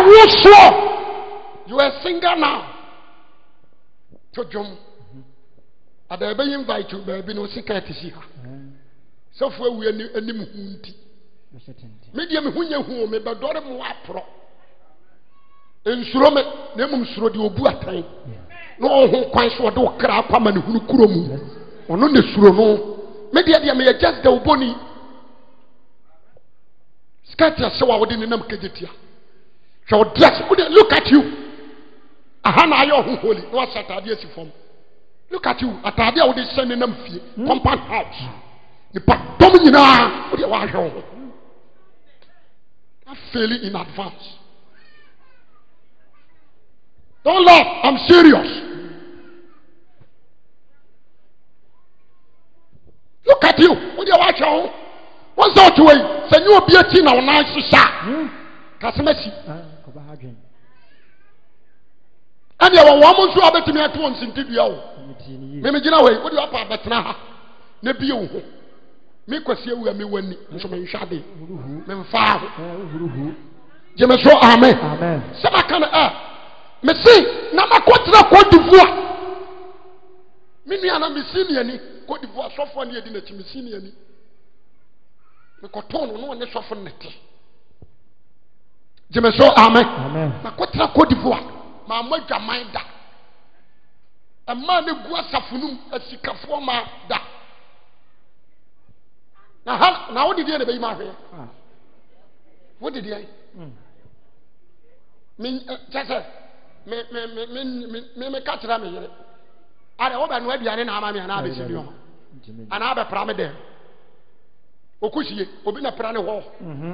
wo soɔ you are single now to dwom ada ebe yi invite baabi na osi kaa ti si ha sɔfo ewu anim hu nti Media deɛ mi hu nye hu o mi bɛ dɔre mu aporɔ nsuro mi na emu nsuro deɛ obu atan na ɔho kwan so ɔde ɔkra apama ne hunu kuro mu ɔno na suro no Media deɛ deɛ mi yɛ just de oboni skirt ɛhyɛ wa ɔde nenam kegye tia hwɛ ɔdi ase wode look at you aha na ayɛ ɔho holy na wahyɛ ataadeɛ si fam look at you ataadeɛ a wode hyɛ ne nam fie compound hmm. house nipa dɔm nyinaa wode wahwɛ wo ho failing in advance don't laugh i'm serious look at you wode wahwɛ wo ho wɔn sɛ ɔte wɔ yi sɛ nyɛ obi akyi na wo nan hyehyɛ a hmm ɛne ɛwɔ wɔn mo nso a bɛtumi ato wɔn sintidua o mímu gyina hɔ yi wodi wapa abɛtena ha ne bie wo ho mi kwasi ewu a mi wɔ ni nso mi nhwɛ adi mi nfa aho gyeme so amen sɛba ka no ɛ eh, mesi na ma kɔ tena kɔ divoa mi nua na mesi niani kɔ divoa sɔfoɔ ni edi n'akyi mesi niani mekɔtɔn no na ɔne sɔfo nete gyeme so amen na kɔ tena kɔ divoa maa mo adwaman da mmaa no gu asafo asikafoɔ maa da na ha na wode deɛ na bɛyi ma ahwɛ wode deɛ eh, kyɛ sɛ meka kyerɛ me yere ade wobɛnoa aduane na ama me anaa bɛsi bi Ana anaa bɛpra me dɛn ɔkɔsie obi na pra ne hɔ mhm.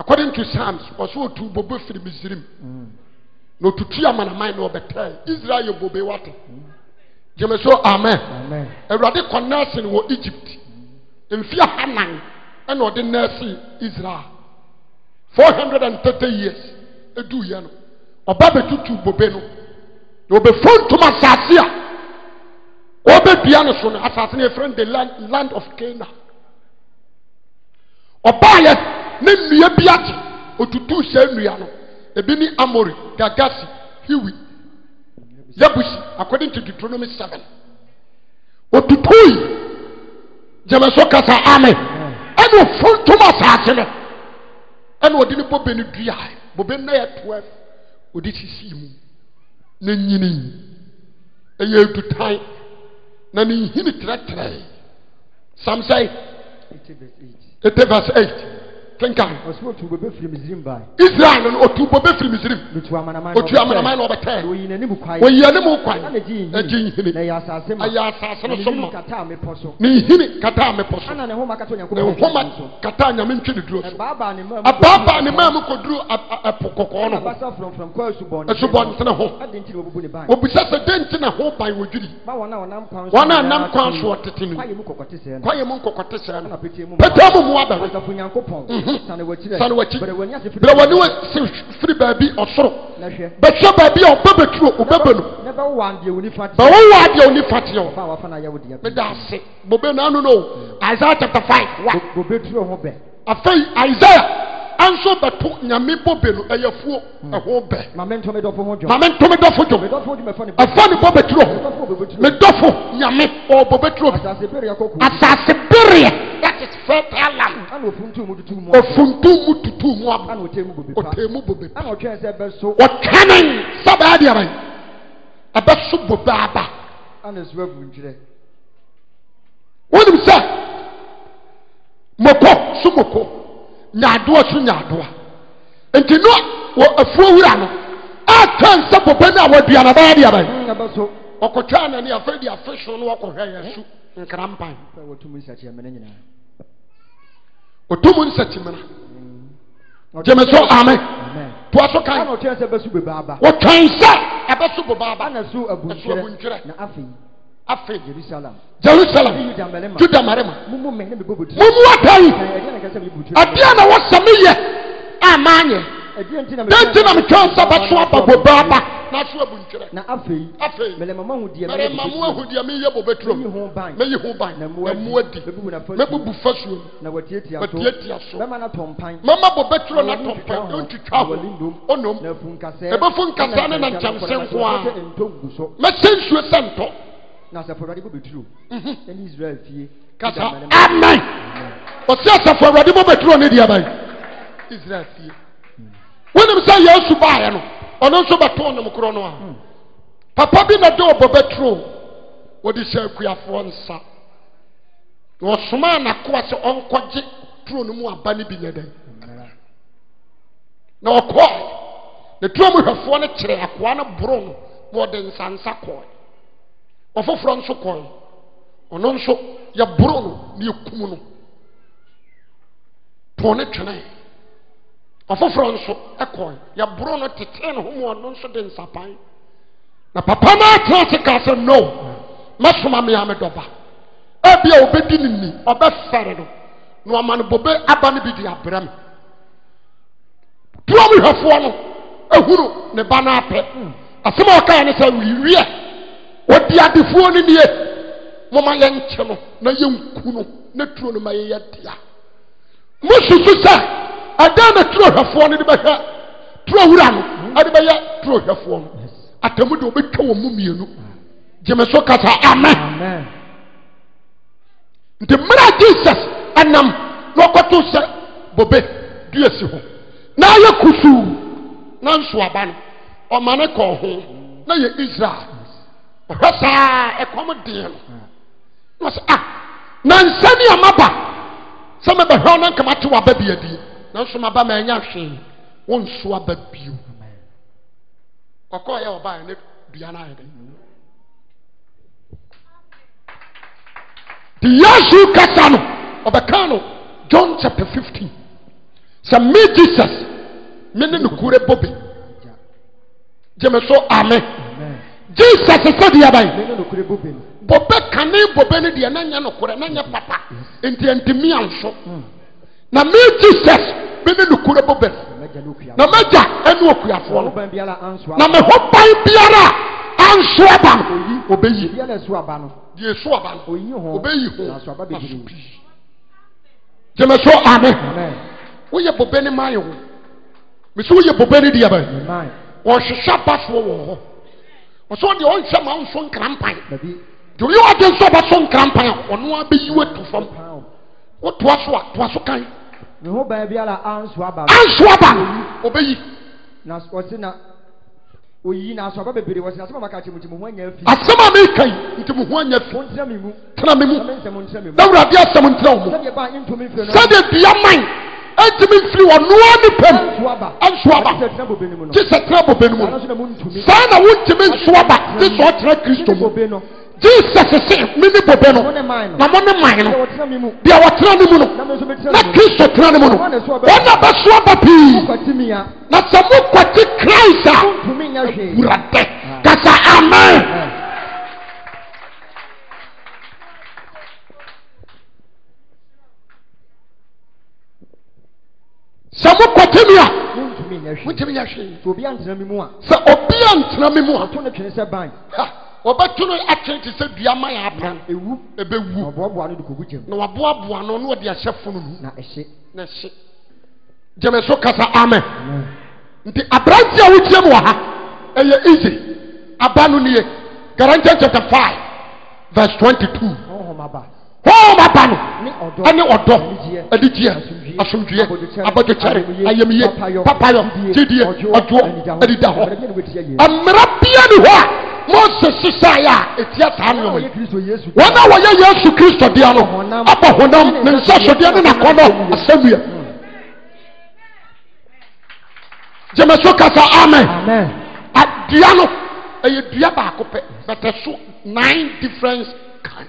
according to psalms ɔsɛ ɔtu bobe firi misrim na ɔtutu amanaman na ɔbɛtae israel yɛ bobe wate gyeme so amen awurade kɔ nɛɛse no wɔ egypt mfe ahanan ɛna ɔde nɛɛse israel 430 years ɛduuyɛ no ɔba bɛtutu bobe no na ɔbɛfo ntom asase a ɔbɛdua no so no asase no yɛfrɛ no the land, land of cana ɔbaayɛ ne nnua bi ate otutu saa nnua no ebi ne amori gagasi hiwi yabusi according to deuteronomy seven otutui jẹmẹsọ kasa amen ẹni ofun tom asaase no ẹni ọdi ne bobe ne dua bobe ne yɛ twelve ọdi sisi mu ne nyini ɛyɛ edutan na ne nhini trɛtrɛ samsai eighty verse eight kenkan. ɔsùn otu bobe firi misirim ba. israel no otu bobe firi misirim. otu amanaman na ɔbɛtɛ otu amanaman na ɔbɛtɛ. oyi n'anim kwan. oyi n'anim kwan. ɛna ji nhini. ɛji nhini. na ɛyɛ asase ma. ɛyɛ asase no so ma. ni nhini kata amepɔ so. ni nhini kata amepɔ so. ɛna ne homa kata onyanko mɛmu. ne homa kata anyame ntwi ne duro so. ɛbaaba ne mɛmu. ɛbaaba ne mɛmu ko duro ɛpo kɔkɔɔ no. ɛbasa frɔmfrɔm kɔ esubɔ ne. esubɔ ntene ho. ɛdi nti na obubu ne den ntina ho ban wɔ jiri. ma a wɔnam kwan so. wɔn a kwan so mu nkɔkɔ te sɛ no. kwaye mu nkɔkɔ te sɛ ho sane w'akyi berɛ wɔne wo se firi baabi ɔsoro bɛhwɛ baabi a ɔbɛ bɛtuo wobɛbɛ no bɛwowa adeɛ wo nifa teɛ meda ase bobe naano no hmm. isaia chapter 5 afei Isaiah anso bɛto nyame bobe no ɛyɛ fuo hmm. ɛho bɛ maame ntɔmi dɔfo dwom ɛfa ne bobe turo me dɔfo nyame ɔbɔ bɛturo bi asase bereɛ that is fertile land ofuntum mu tutu mu abo ɔtɛn mu bobe ɔtwɛnen sábà adi ara yi ɛbɛso bobe aba wɔnim sɛ mɔkɔ so mɔkɔ. nyaadoa so nyaadoa nti no wɔ afuo wura no akan sɛ popa no a wɔaduana bɛyɛ deɛ hmm, bɛn ɔkɔtwaa nani afei de afe so no wɔkɔhwɛ yɛ su nkra mpan ɔtum nsakyimena gyeme so ame toa so kan wɔtwɛn sɛ ɛbɛso bobaaba ɛso abuntwerɛ afei jerusalem jerusalem juda marima mumu atayi adeɛ na wɔsɛ me yɛ a maa nyɛ dɛn ti na metwɛn sɛ bɛso aba boba aba na so abu ntwerɛ na afei afei mɛlɛmamu ahudeɛ meyɛ bobe turo meyi ho ban na mmoa di mɛbubu fasuo na watiatia so mɛma na tɔmpan mɛma bobe turo na tɔmpan ontwitwa ho onom ɛbɛfu nkasa ne na nkyɛnse nko a mɛsɛ nsuo sɛ ntɔ na asafo awurade bɔ bɛturo na israel fie kasa amen ɔsi asafo awurade bɔ bɛturo ne deɛ ban israel fie wɔnim sɛ yesu baayɛ no ɔno nso bɛtoo nom korɔ no a hmm. papa bi na de ɔbɔ bɛturo wɔde hyɛ akuafoɔ nsa wɔsomaa n'akoa sɛ ɔnkɔgye turo no mu aba no bi nyɛ dɛn na ɔkɔɔ na turo mu hwɛfoɔ no kyerɛ akoa no boro no na ɔde nsansa kɔɔ ɔfoforɔ nso kɔn ɔno nso yɛboro no na yɛkum no pɔn twene ɔfoforɔ nso ɛkɔn yɛboro no tetee ne ho mu ɔno nso de nsapan na papa no atena ase kaa sɛ no mɛsoma me a medɔba ebia ɔbɛdi ne ni ɔbɛfɛre no na ɔma no bobe aba no bi de abrɛ me tuom hwɛfoɔ no ahunu ne ba no apɛ asɛm a ɔkaa ne sɛ wiwiɛ ɔdi adefoɔ no nie moma yɛnkye no na yɛnku no na turo no ma yɛyɛ dea mosusu sɛ ɛdɛn na turohwɛfoɔ no de bɛhwɛ turowura no ɛde bɛyɛ turohwɛfoɔ no atamu de wɔbɛtwa wɔn mu mmienu gyeme so kasa amen nti mmerɛ jesus ɛnam na ɔkɔto sɛ bobe dua si hɔ na ayɛ kusuu na nso aba no ɔma kɔɔ ho na yɛ israel ɛhɔ saa ɛkɔm deɛ no na ɔsɛ ah nansa ni a maba sɛ mɛbɛhwɛ na nkama te waba bi adi nanso maba ma ɛnya hwee wɔn nso aba bio kɔkɔɔ yɛ ɔbaa yɛ ne dua no ayɛ dɛ de yasu kasa no ɔbɛka no john chapter fifteen sɛ me jesus me ne ne kure bobe gyeme so amen jesus sọ di yaba yi bobe kane bobe ne deɛ n'anya nokorɛ n'anya mm. papa nti nti mi anso mm. na mi jesus mi ne nokorɛ bobe na ma gya ɛne okuafoɔ no na ma ho ban biara anso aba no obe yi deɛ so aba no obe yi ho aso pii jẹmẹ sọ amẹ woyɛ bobe ne mayɛ wo mesi woyɛ bobe ne deɛ ba yi wɔhyehyɛ abasoɔ wɔ hɔ ɔsɛ deɛ ɔnhyɛ ma nso nkrampan deɛ ɔyɛ wagye nso ɔbɛso nkrampan a ɔno abɛyi watu fam wotoa so a toa so kan ne ho baa biara anso aba anso aba ɔbɛyi na ɔsi na oyi na asɔba bebree wɔsi asɛm a maka kyerɛ mu nti mu ho anya fi asɛm a meka yi nti mu ho anya fi tena me mu tena me mu na awurade asɛm ntena wo mu sɛdeɛ bia man ɛntumi nfiri wɔ noa nipa mu ɛnso aba gye sɛ tena bobe no mu no saa na wontumi nso aba gye sɛ ɔtena kristo mu jesus se me ne bobe no na mo ne man no deɛ wɔtena ne mu no na kristo tena ne mu no wɔna bɛso aba pii na sɛ mokɔte christ a wurade ah. kasa amen ah. sɛ mokɔte mi a motumi yɛ hwee sɛ obi antena me mu a ɔbɛtena me mu a ɔto ne twene sɛ wɔbɛto no atwene te sɛ dua ma yɛ abran ɛwu ɛbɛwu no de kɔgu gyam na waboaboa no na wɔde ahyɛ fono mu na ɛhye na ɛhye gyeme so kasa amen nti aberanteɛ a wotie mu wɔ ha ɛyɛ easy aba no nie Galatians chapter five verse twenty two hɔn ɔmaba no ɛne ɔdɔ adigyeɛ asomdue abɔdwokyɛre ayamye papayɔ gyidie ɔdoɔ adi da hɔ mmara bia ne hɔ a mose sesaeɛ a ɛtia saa nneɔma yi wɔn a wɔyɛ yesu kristo deɛ no abɔ honam ne nsa sodeɛ ne nakɔnɔ asɛnnua gyamaso kasa amen adua no ɛyɛ dua baako pɛ bɛtɛ so nine different kind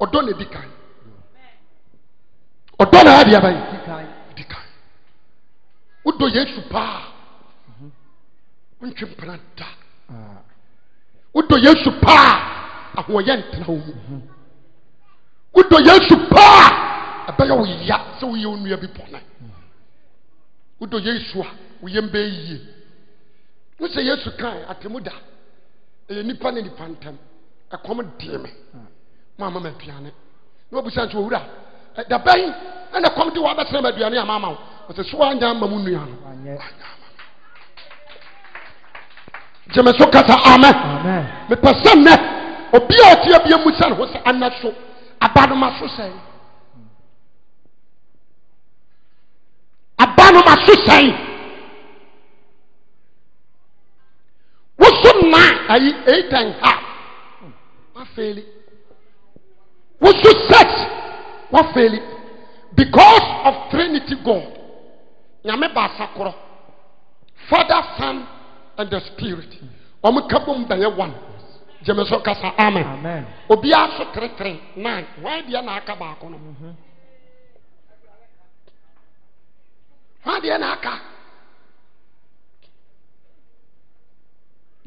ɔdɔ hmm. na di kan ɔdɔ na adeɛ abayi di kan wodɔ yesu paa wontwe mpana da wodɔ yesu paa ahoɔyɛ ntena O mu wodɔ yesu paa ɛbɛyɛ o ya sɛ woyɛ o nnua bi bɔne wodɔ yesu a woyɛ mbɛyɛ yie wo sɛ yesu kan atemu da ɛyɛ nipa ne nipa ntɛm ɛkɔm deɛ me mo ama mapiane na wabusa nso owura dabɛn ɛna kɔm di wa abɛsɛn ma aduane ama ama wo ɔsɛ so anya ama mu nua no anya ama gyeme so kasa amɛ mepɛ sɛ nnɛ obi a ɔte abia mu sɛ ne ho sɛ ɛnɛ so abanoma so sɛn abanoma so sɛn woso nna ayi eitan ha wafeeli woso sɛt wọ́n fail because of trinity god nyame baasa korɔ father son and the spirit wɔn ka bom da yɛ one jẹmẹsọ kasa amen obi aso tiritiri nine wọn adiẹ n'aka baako no wọn mhm. adiẹ n'aka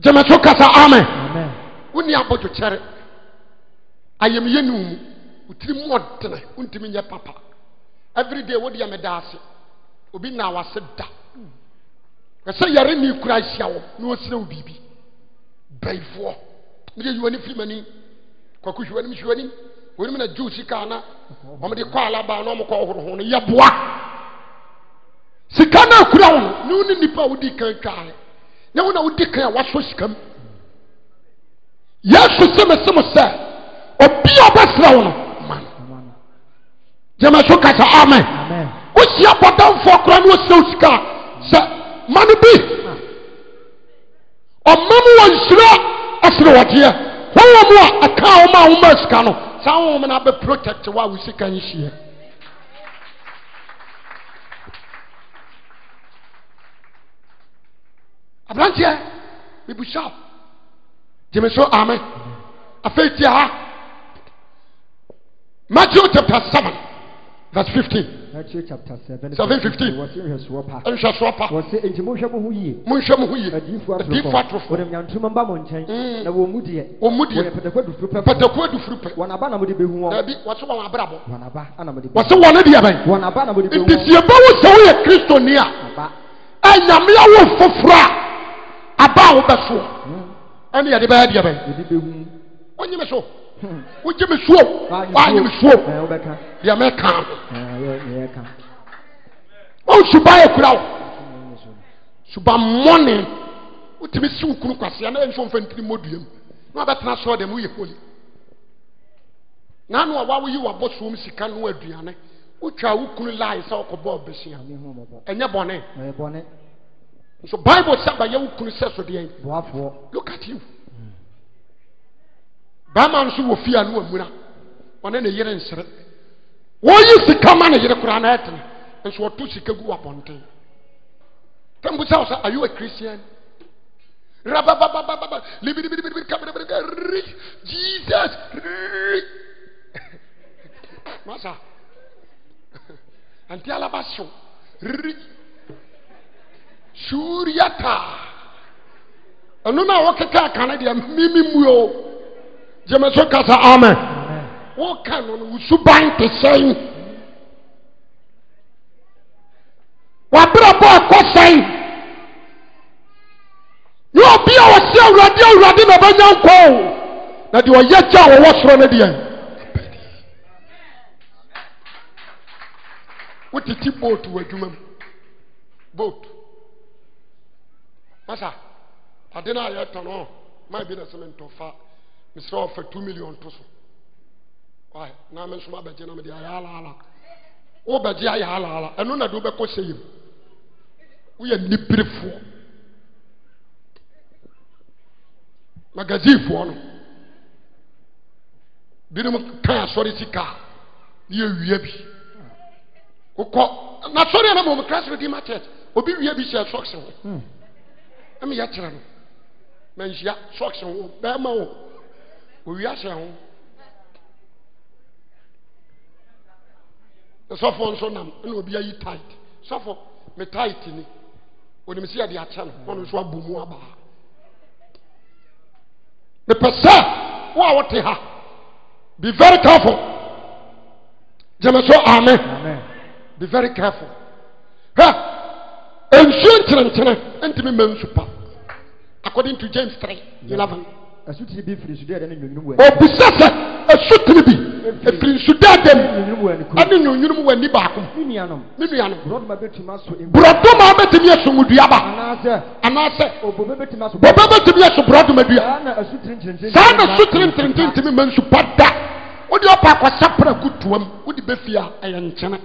jẹmẹsọ kasa amen wọn ni abọjọ kyẹrẹ ni wọn wotiri mu ɔdene wontumi nyɛ papa Every day yɛ meda ase obi na wase da ɛsɛ yɛre ne kura ahyia wɔ na ɔsrɛ wo biribi bɛifoɔ mede yiwani firi m'ani kwako hwiwanim hwiwanim wɔnim na jew sika na ɔmde kɔ alaba na ɔmkɔ ɔhoro ho no yɛboa sika no akura wo no ne wo ne nnipa a wodii kan twaae nyɛ wo na wodi kan a woasɔ sika mu yesu sɛ mesem sɛ obi a ɔbɛsrɛ wo no jẹmẹsọ kasa amen o si abọdánfọ kura ni o sẹ o sika sẹ mani bi ọmọmu wọ nsira ẹsẹrẹ wọdeẹ wọn wọ mu a ẹka àwọn ọmọ àwọn ọmọ sika no saa wọn wọn abẹ protect wa awọn sika yẹn si yẹ. aberanteɛ bibusa jẹmẹsọ amen afei tia ha matthew chapter seven verse fifteen. Matthew chapter seven. seven fifteen. wɔsi nhwɛsoɔ pa. nhwɛsoɔ pa. wɔsi nti mo nhwɛ mo ho yie. mo nhwɛ mo ho yie. adiifo aturufo. adiifo aturufo. wɔn nyantuma ba mo nkyɛn. na wɔn mu deɛ. wɔn mu deɛ. wɔyɛ pɛtɛkɔ dufuru pɛ. pɛtɛkɔ dufuru pɛ. wɔn aba na mo de ɛbi wɔsi wɔn abira bɔ. wɔn aba na mo de bɛ hu wɔn. wɔsi wɔn deɛ bɛn. aba na mo de bɛ hu wɔn. nti yɛ kristo ni a. aba. wo foforɔ aba awo bɛ so. ɛni yɛ de bɛ yɛ deɛ bɛn deɛ mɛka ho O suba yɛ kura o suba mmɔne wotumi si wukuru kwasia na nso nfa ntiri mɔdua mu na wabɛtena sɔɔ dɛm woyɛ holy nanu a wawoyi wabɔ soom sika no aduane wotwa wo kunu lai sɛ ɔkɔbɔ ɔbɛsia ɛnyɛ bɔne nso bible sɛ bayɛ wo kunu sɛ so look at you bɛrima nso wɔ fie a no amuna ɔne ne yere nsere wɔyi sika ma ne yere koraa na ɛtena nso wɔto sika gu abɔnten tẹmusa ọsẹ are you a christian rabababababa libiribiribiri kabiribirika ri jesus ri masa anti alaba so ri suriyata ẹnu náà wọ́n kékeré àkànnà díẹ̀ mímí mu yó jẹ́mẹ̀sọ́ kasa amen woka no no wo suban te sɛn wabrɛbɔ ɛkɔ sɛn yɛ obi a wɔse awurade awurade na ɔbɛnya nkɔ o na deɛ ɔyɛ gya a wɔwɔ soro no deɛ wotete boat wɔ adwuma mu boat masa ade no a yɛtɔ no ma bi na sɛ mentɔfa mesrɛ ɔfa 2 million to so why na me nso abɛgye na me de ayɛ alaala wobɛgye ayɛ alaala ɛno na de wobɛkɔ sɛ yim woyɛ nipirifoɔ magazinfoɔ no binom ka asɔre sika ne yɛwia bi wokɔ nasɔre a na mmom christ redeemer church obi wia bi hyɛ socks ho na hmm. meyɛ kyerɛ no manhyia socks ho bɛrima wo owia hyɛ ho sɔfo nso nam ɛna obi ayi tight sɔfo me tight ni onim si yɛde akyɛ no ɔno nso abɔ mu abaa mepɛ sɛ wo a wote ha be very careful gyeme so amen be very careful hɛ nsuo nkyerɛnkyerɛ ntumi ma nsu pa according to james three eleven. obisa sɛ asutene bi ɛfiri nsuda dɛm ɛne nyonyinum baako ne nuanom borɔdoma bɛtumi aso bobe bɛtumi aso borɔdoma dua saa na sutiri ntirintintimi ma nsu pa da wode ɔpa akɔsapra kutuam wode bɛfie a ɛyɛ nkyene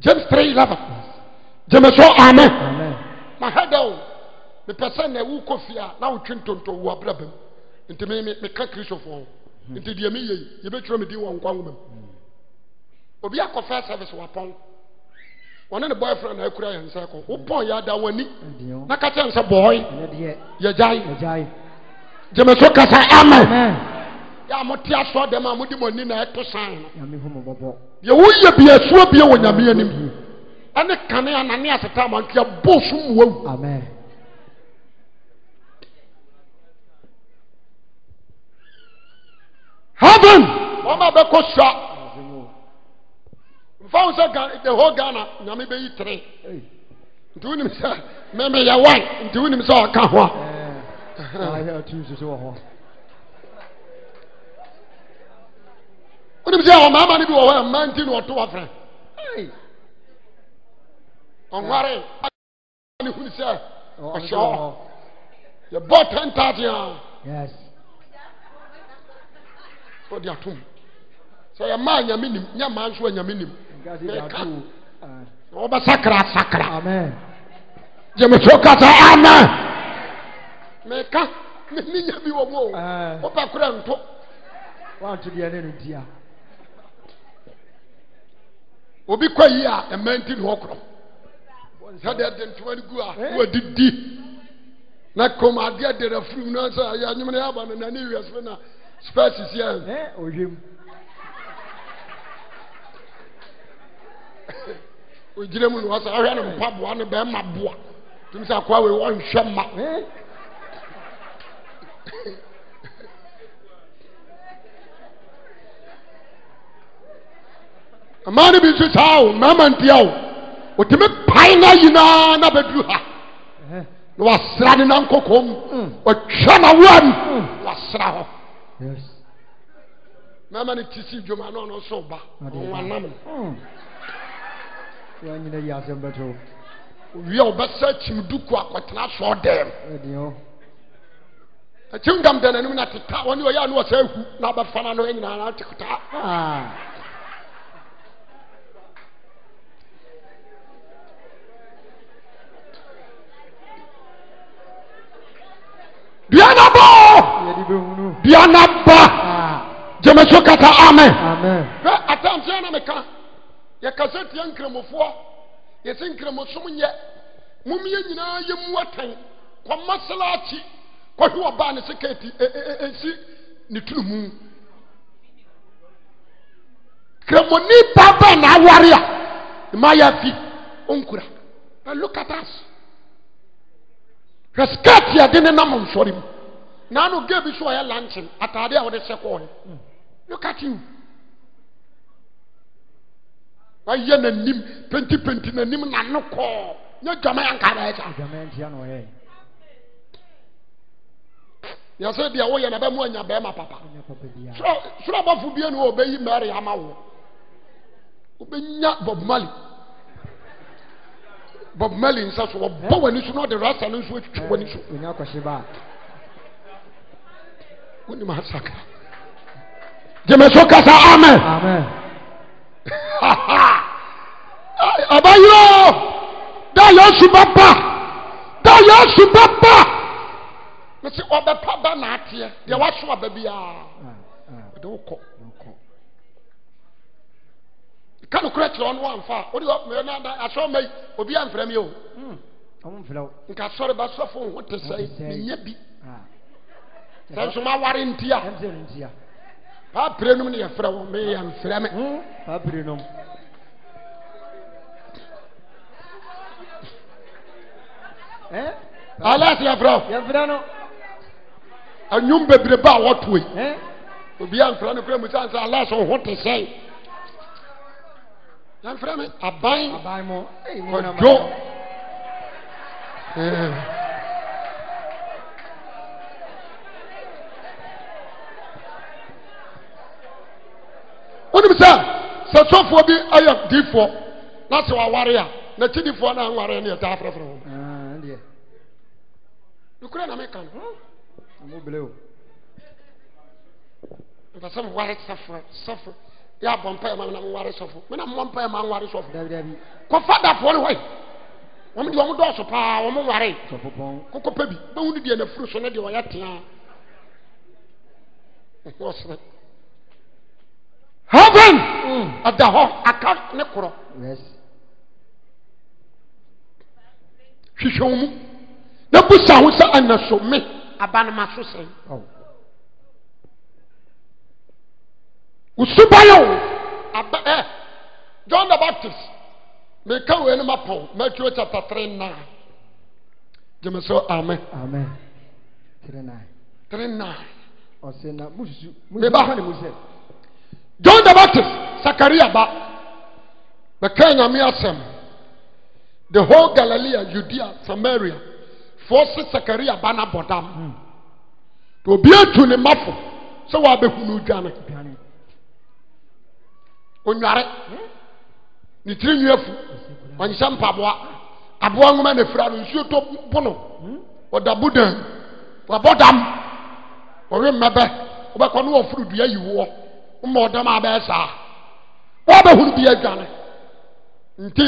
james 3 11 gyemeso amen mahɛdɛ o mepɛ sɛ na ɛwo kɔ fie a na wotwe ntonto wɔ abrabam nti meka kristofoɔ ho hmm. nti deɛ meyei yɛbɛtwerɛ me di wɔ nkwa nwoma hmm. obi akɔ fɛ service wapɔn wɔne ne boyfriend na akura yɛn nsa kɔ wopɔn yɛ ada w'ani na ka kyerɛ nsɛ bɔɔe yɛgyae gyemeso kasa amen yɛ a mote asɔ dɛm a mode mo ani na ɛto san no deɛ woyɛ bia asuo bia wɔ nyame anim ɛne kane anane aseta amantoa bɔ so mu wawu heaven wɔn a bɛkɔ sua nfaw sɛ ghana the whole ghana nyame bɛyi tiri nti wunim sɛ mɛmɛ yɛ wan nti wunim sɛ ɔka ho a. Eh. wonim sɛ ɔmaama no bi wɔ hɔ a mma nti na ɔto wafrɛ ɔnware ne hunu sɛ oh, ɔhyɛ hɔ yɛbɔ 10 30 a wɔde ato mu sɛ yɛ maa nyame nim nyɛ maa nso a nyame nim mɛka wɔbɛsakra asakra gyemesoro kasa amen mɛka mene nya bi wɔ mu o wopɛ korɛ nto wanto deɛ ne no dia obi kɔ yi a ɛma nti ne hɔ korɔ sɛdeɛ de ntoma no gu a wɔdidi na kɔm adeɛ dera firim no sɛ yɛ anwumene yɛaba no nane wiɛsere no a is here. ẹ òye mu. ogyina mu mm. na wasa ahwɛ ne mpaboa ne bɛrima boa tum sɛ akoa wei wɔnhwɛ ma mmaa no bi nso saa o mmarima ntia o wɔtumi pae na nyinaa na bɛduru ha na wasra ne nankɔkɔ mu ɔtwa na wura mu wasra hɔ Yes. Mama ni tisi joma no no so ba. Hmm. Wa nam. Ya nyina ya se mbeto. Wi o besa chimdu ko akwatena so dem. Edio. Achim dam den anim na teta woni o ya no se hu na ba fana no nyina na teta. Ah. deɛ nabɔ deɛ naba gyemeso kata amen hwɛ atamseɛ na meka yɛkasɛ tiɛ nkramofoɔ yɛsi nkramosom nyɛ momyɛ nyinaa yɛmu atɛn kɔma selaakyi kɔhwe ɔbaa ne sekɛti ɛsi e, e, e, ne tunumu kramoni baba na aware a ma yɛ afi ɔnkura look at us hwɛ skirt yɛde ne nam nsɔre mu naanu gay bi so ɔyɛ lankyɛn ataade a wɔde hyɛ kɔɔ look at you wayɛ n'anim pentipenti n'anim n'ano kɔɔ nyɛ dwama yɛ nkaara yɛ kya yɛsɛ deɛ woyɛ na bɛ mu anya bɛrima papa soro bie ni o bɛyi mɛri ama wo o bɛ nya bob mali bob marley nsa so wɔbɔ w'ani so na ɔde rasta no nso atwitwa w'ani so wonim asaka gyeme so kasa amen abayerɛ da yɛsu bɛba da yɛsu bɛba mese ɔbɛpa ba naateɛ deɛ waso aba biara ɔde ah, ah. wokɔ ka nokorɛ kyerɛ ɔno amfa a wode asɔma yi obi amfrɛ me o hmm. nka sɔre bɛsɔfo ho te sɛe menya bi ah. sɛ nsoma aware nti a paapire nom ne yɛfrɛ wo meyɛ mfrɛ me hmm. alɛs eh? yɛfrɛ wo anwom bebrebe a wɔtoe eh? obi amfrɛ no kora mu sane sɛ alɛs wo ho te sɛe yɛmfrɛ eh, eh. e ah, me aban kɔdwo wonim hmm? sɛ sɛ sɔfoɔ bi ayɛ difoɔ na sɛ waware a n'akyidifoɔ no anware ne yɛtaa frɛfrɛ ho nokorɛ na meka no mfɛ sɛ meware sɛfrɛ sɛfrɛ yà bọ̀ mpa yà máa nà nwari sọfọ mi nà mọ mpa yà máa nwari sọfọ kọfà dàpọ̀ ni wọ́n yìí wọ́n mu di wọ́n mu dọ́ọ̀sọ paa wọ́n mu nwari kókó pẹ́bi bẹ́ẹ̀ ni diẹ na furu so ne deɛ ɔyɛ tena ɔsere heaven ɛda hɔ aka ne korɔ hwehwɛ wɔn mu na busa ho sɛ ɛna so me abanoma so wosubayɛ wo abɛ ɛ eh, john the baptist meka wɔ anim apɔw matthew chapter three nine gyeme sɛ amen amen three nine three nine ɔsɛ na mususu meba john the baptist sakaria ba meka nyame asɛm the whole galilee judea samaria foɔ se sakaria ba na bɔdam hmm. obi atu ne mmafo sɛ wɔabɛhunu dwane onware ne tiri nwi afu ɔnhyɛ mpaboa aboa nwoma na Efura no nsuo tɔ pono ɔda budan wabɔ dam ɔwe mmɛbɛ wobɛkɔ ne wɔforo dua yi woɔ woma ɔdam abɛɛ saa wɔbɛhunu bi adwane nti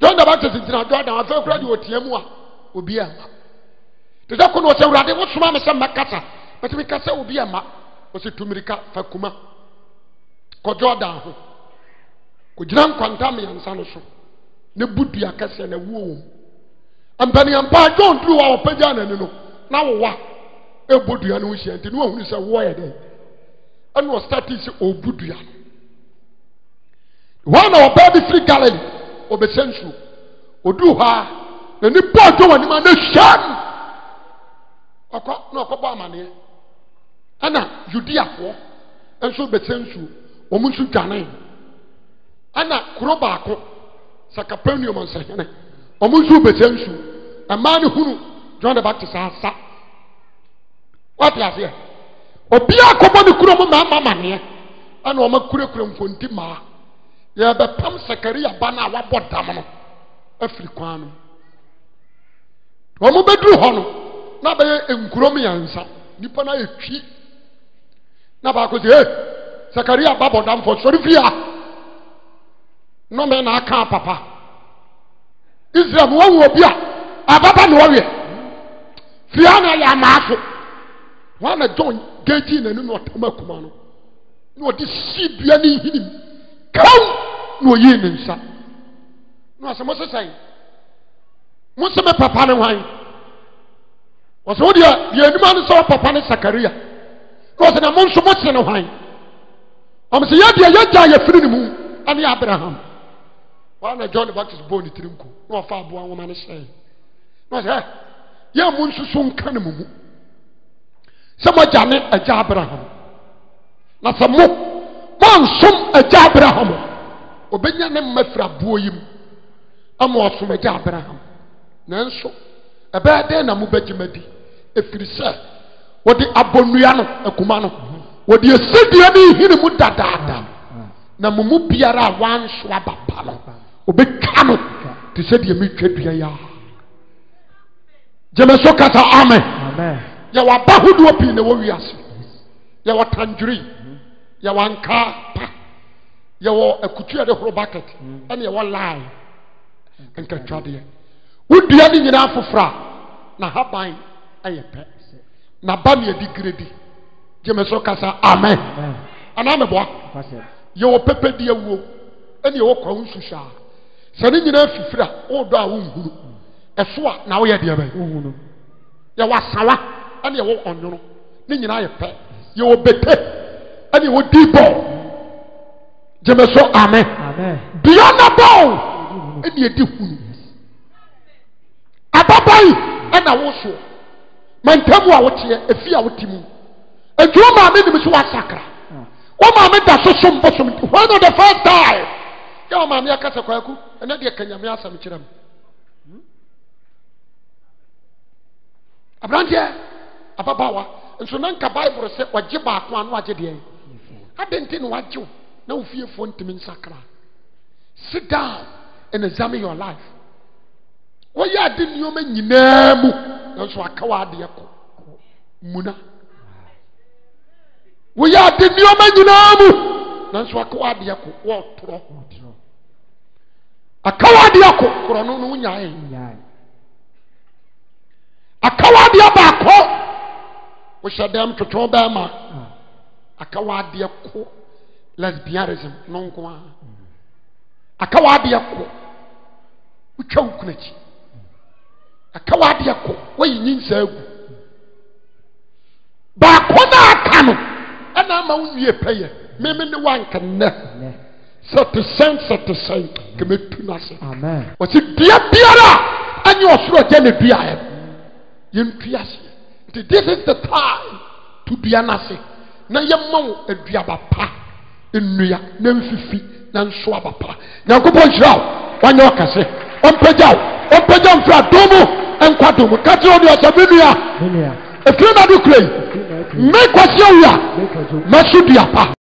john dabate sintina jordan afei kora deɛ ɔtea mu a obi amma te sɛ ko na ɔsɛ awurade wosoma me sɛ mmɛkasa bɛtumi kasa obi amma ɔsɛ tumirika fa kuma kɔ jordan ho gyina nkwanta mmiɛnsa no so ne bu dua kɛseɛ na ewu wɔm mpanyinpa john duru hɔ a wɔpagya n'ani no na wowa ɛbɔ dua no ho hyia nti ne wahunu sɛ woɔ yɛ dɛn ɛna ɔstati sɛ ɔbu dua no wɔn na ɔbaa bi firi galilee ɔbɛsɛ nsuo ɔduru hɔ a n'ani bɔɔ john anim a na hyia no ɔkɔ na ɔkɔbɔ amaneɛ ɛna judeafoɔ ɛnso bɛsɛ nsuo wɔn nso dwane ɛna kuro baako sɛ capernaum nsɛhene wɔn nso bɛsɛ nsu mmaa no hunu john the baptist asa wɔte aseɛ obiara kɔbɔ ne kuro mu mmarima maneɛ ɛna wɔn akurakura mfonti mmaa yɛbɛpam sakaria ba no a wabɔ dam no afiri kwan no wɔn bɛduru hɔ no na bɛyɛ nkurom yɛnsa nipa no ayɛ twi na baako sɛ ee. sakaria babɔdamfo sɔre fie a nɔmɛ na aka papa israel mu wɔwu obi a ababa na wɔwɛ fia na yɛ amaa so wɔn na john gɛgyi n'anim na ɔtam akuma no na ɔde si dua ne nhini kaw na ɔyi ne nsa na ɔsɛ mosesɛn mose papa ne hwan ɔsɛ wodeɛ deɛ anim ano sɛ papa ne sakaria na ɔsɛ na mo nso mose ne hwan ɔmo sɛ yɛdeɛ yɛgya yɛfiri ne mu ɛne abraham wɔana john baptist bɔɔ ne tirim ko na ɔfa aboa nwoma no hyɛe na ɔsɛ yɛ mu nsuso nka ne mu mu sɛ moagya ne agya abraham na sɛ mo moansom agya abraham Obenya ne mma firi aboɔ yi mu ama ɔsom agya abraham nanso ɛbɛyɛ dɛn na mobɛgyema di ɛfiri sɛ wɔde abɔnnua no akuma no wɔde asidua ne hini mu dadaada na mo mu biara a wanso aba pa no obɛtwa no te sɛ deɛ metwa dua yi a gyeme so kasa amen yɛwɔ aba hodoɔ pii na ɛwɔ wiase yɛwɔ tandwiri yɛwɔ ankaa pa yɛwɔ akutu yɛde horo bucket ɛne yɛwɔ line nkatwadeɛ wodua ne nyinaa foforɔ a na haban ɛyɛ pɛ na ba ne yɛde giredi gyeme so kasa amen anaa meboa yɛwɔ pɛpɛ di awuo ɛne yɛwɔ kwa wo nsuhyɛ a sɛ ne nyinaa fifiri a wodɔ a wonhunu ɛso a na woyɛ deɛ bɛn yɛwɔ asawa ɛne yɛwɔ ɔnwono ne nyinaa yɛ pɛ yɛwɔ bete ɛne yɛwɔ di bɔɔl gyeme so amen bia na bɔɔl ɛne yɛdi hunu ababae ɛna wosoɔ mantamu a woteɛ ɛfi a wote mu adwuma maame nim so wasakra wo maame da so som bosom nti hɔ no the first time yɛ wo maame akasa kwaku ɛnɛ deɛ ka nyame asɛm kyerɛ m aberanteɛ ababaawa nso na nka bible sɛ ɔgye baako ano agye deɛ adɛn nti na wagye wo na wo fiefoɔ ntumi nsakra sit down and examine your life wɔyɛ ade nneɔma nyinaa mu nanso aka wɔ adeɛ kɔ muna woyɛ ade nneɔma nyinaa mu nanso aka wadeɛ ko wɔɔtorɔ aka wadeɛ ko korɔno no wonyae aka wadeɛ baakɔ wohyɛ dɛm twotwo bɛɛma aka wadeɛ ko lesbianism no nko a aka wadeɛ ko wotwa wo kunakyi aka wadeɛ ko woayi nyinsaa gu baako na aka no ɛna ama wo wie pɛyɛ meme ne wanka nnɛ sɛ te sɛn sɛ te sɛn kɛmɛtu no ase ɔsi dua biara ɛnyɛ ɔsoro agya ne duaɛ yɛntu aseɛ nti this is the time to dua no ase na yɛma wo aduaba pa nnua na mfifi na nso aba pa nyankopɔn nhyira wo wanyɛ ɔkɛse ɔmpagya wo ɔmpagya mfiri adom mu dom ka kyerɛ wo deɛ ɔsɛ me efiri na do kure yi mme kwasi awia mmasu dua pa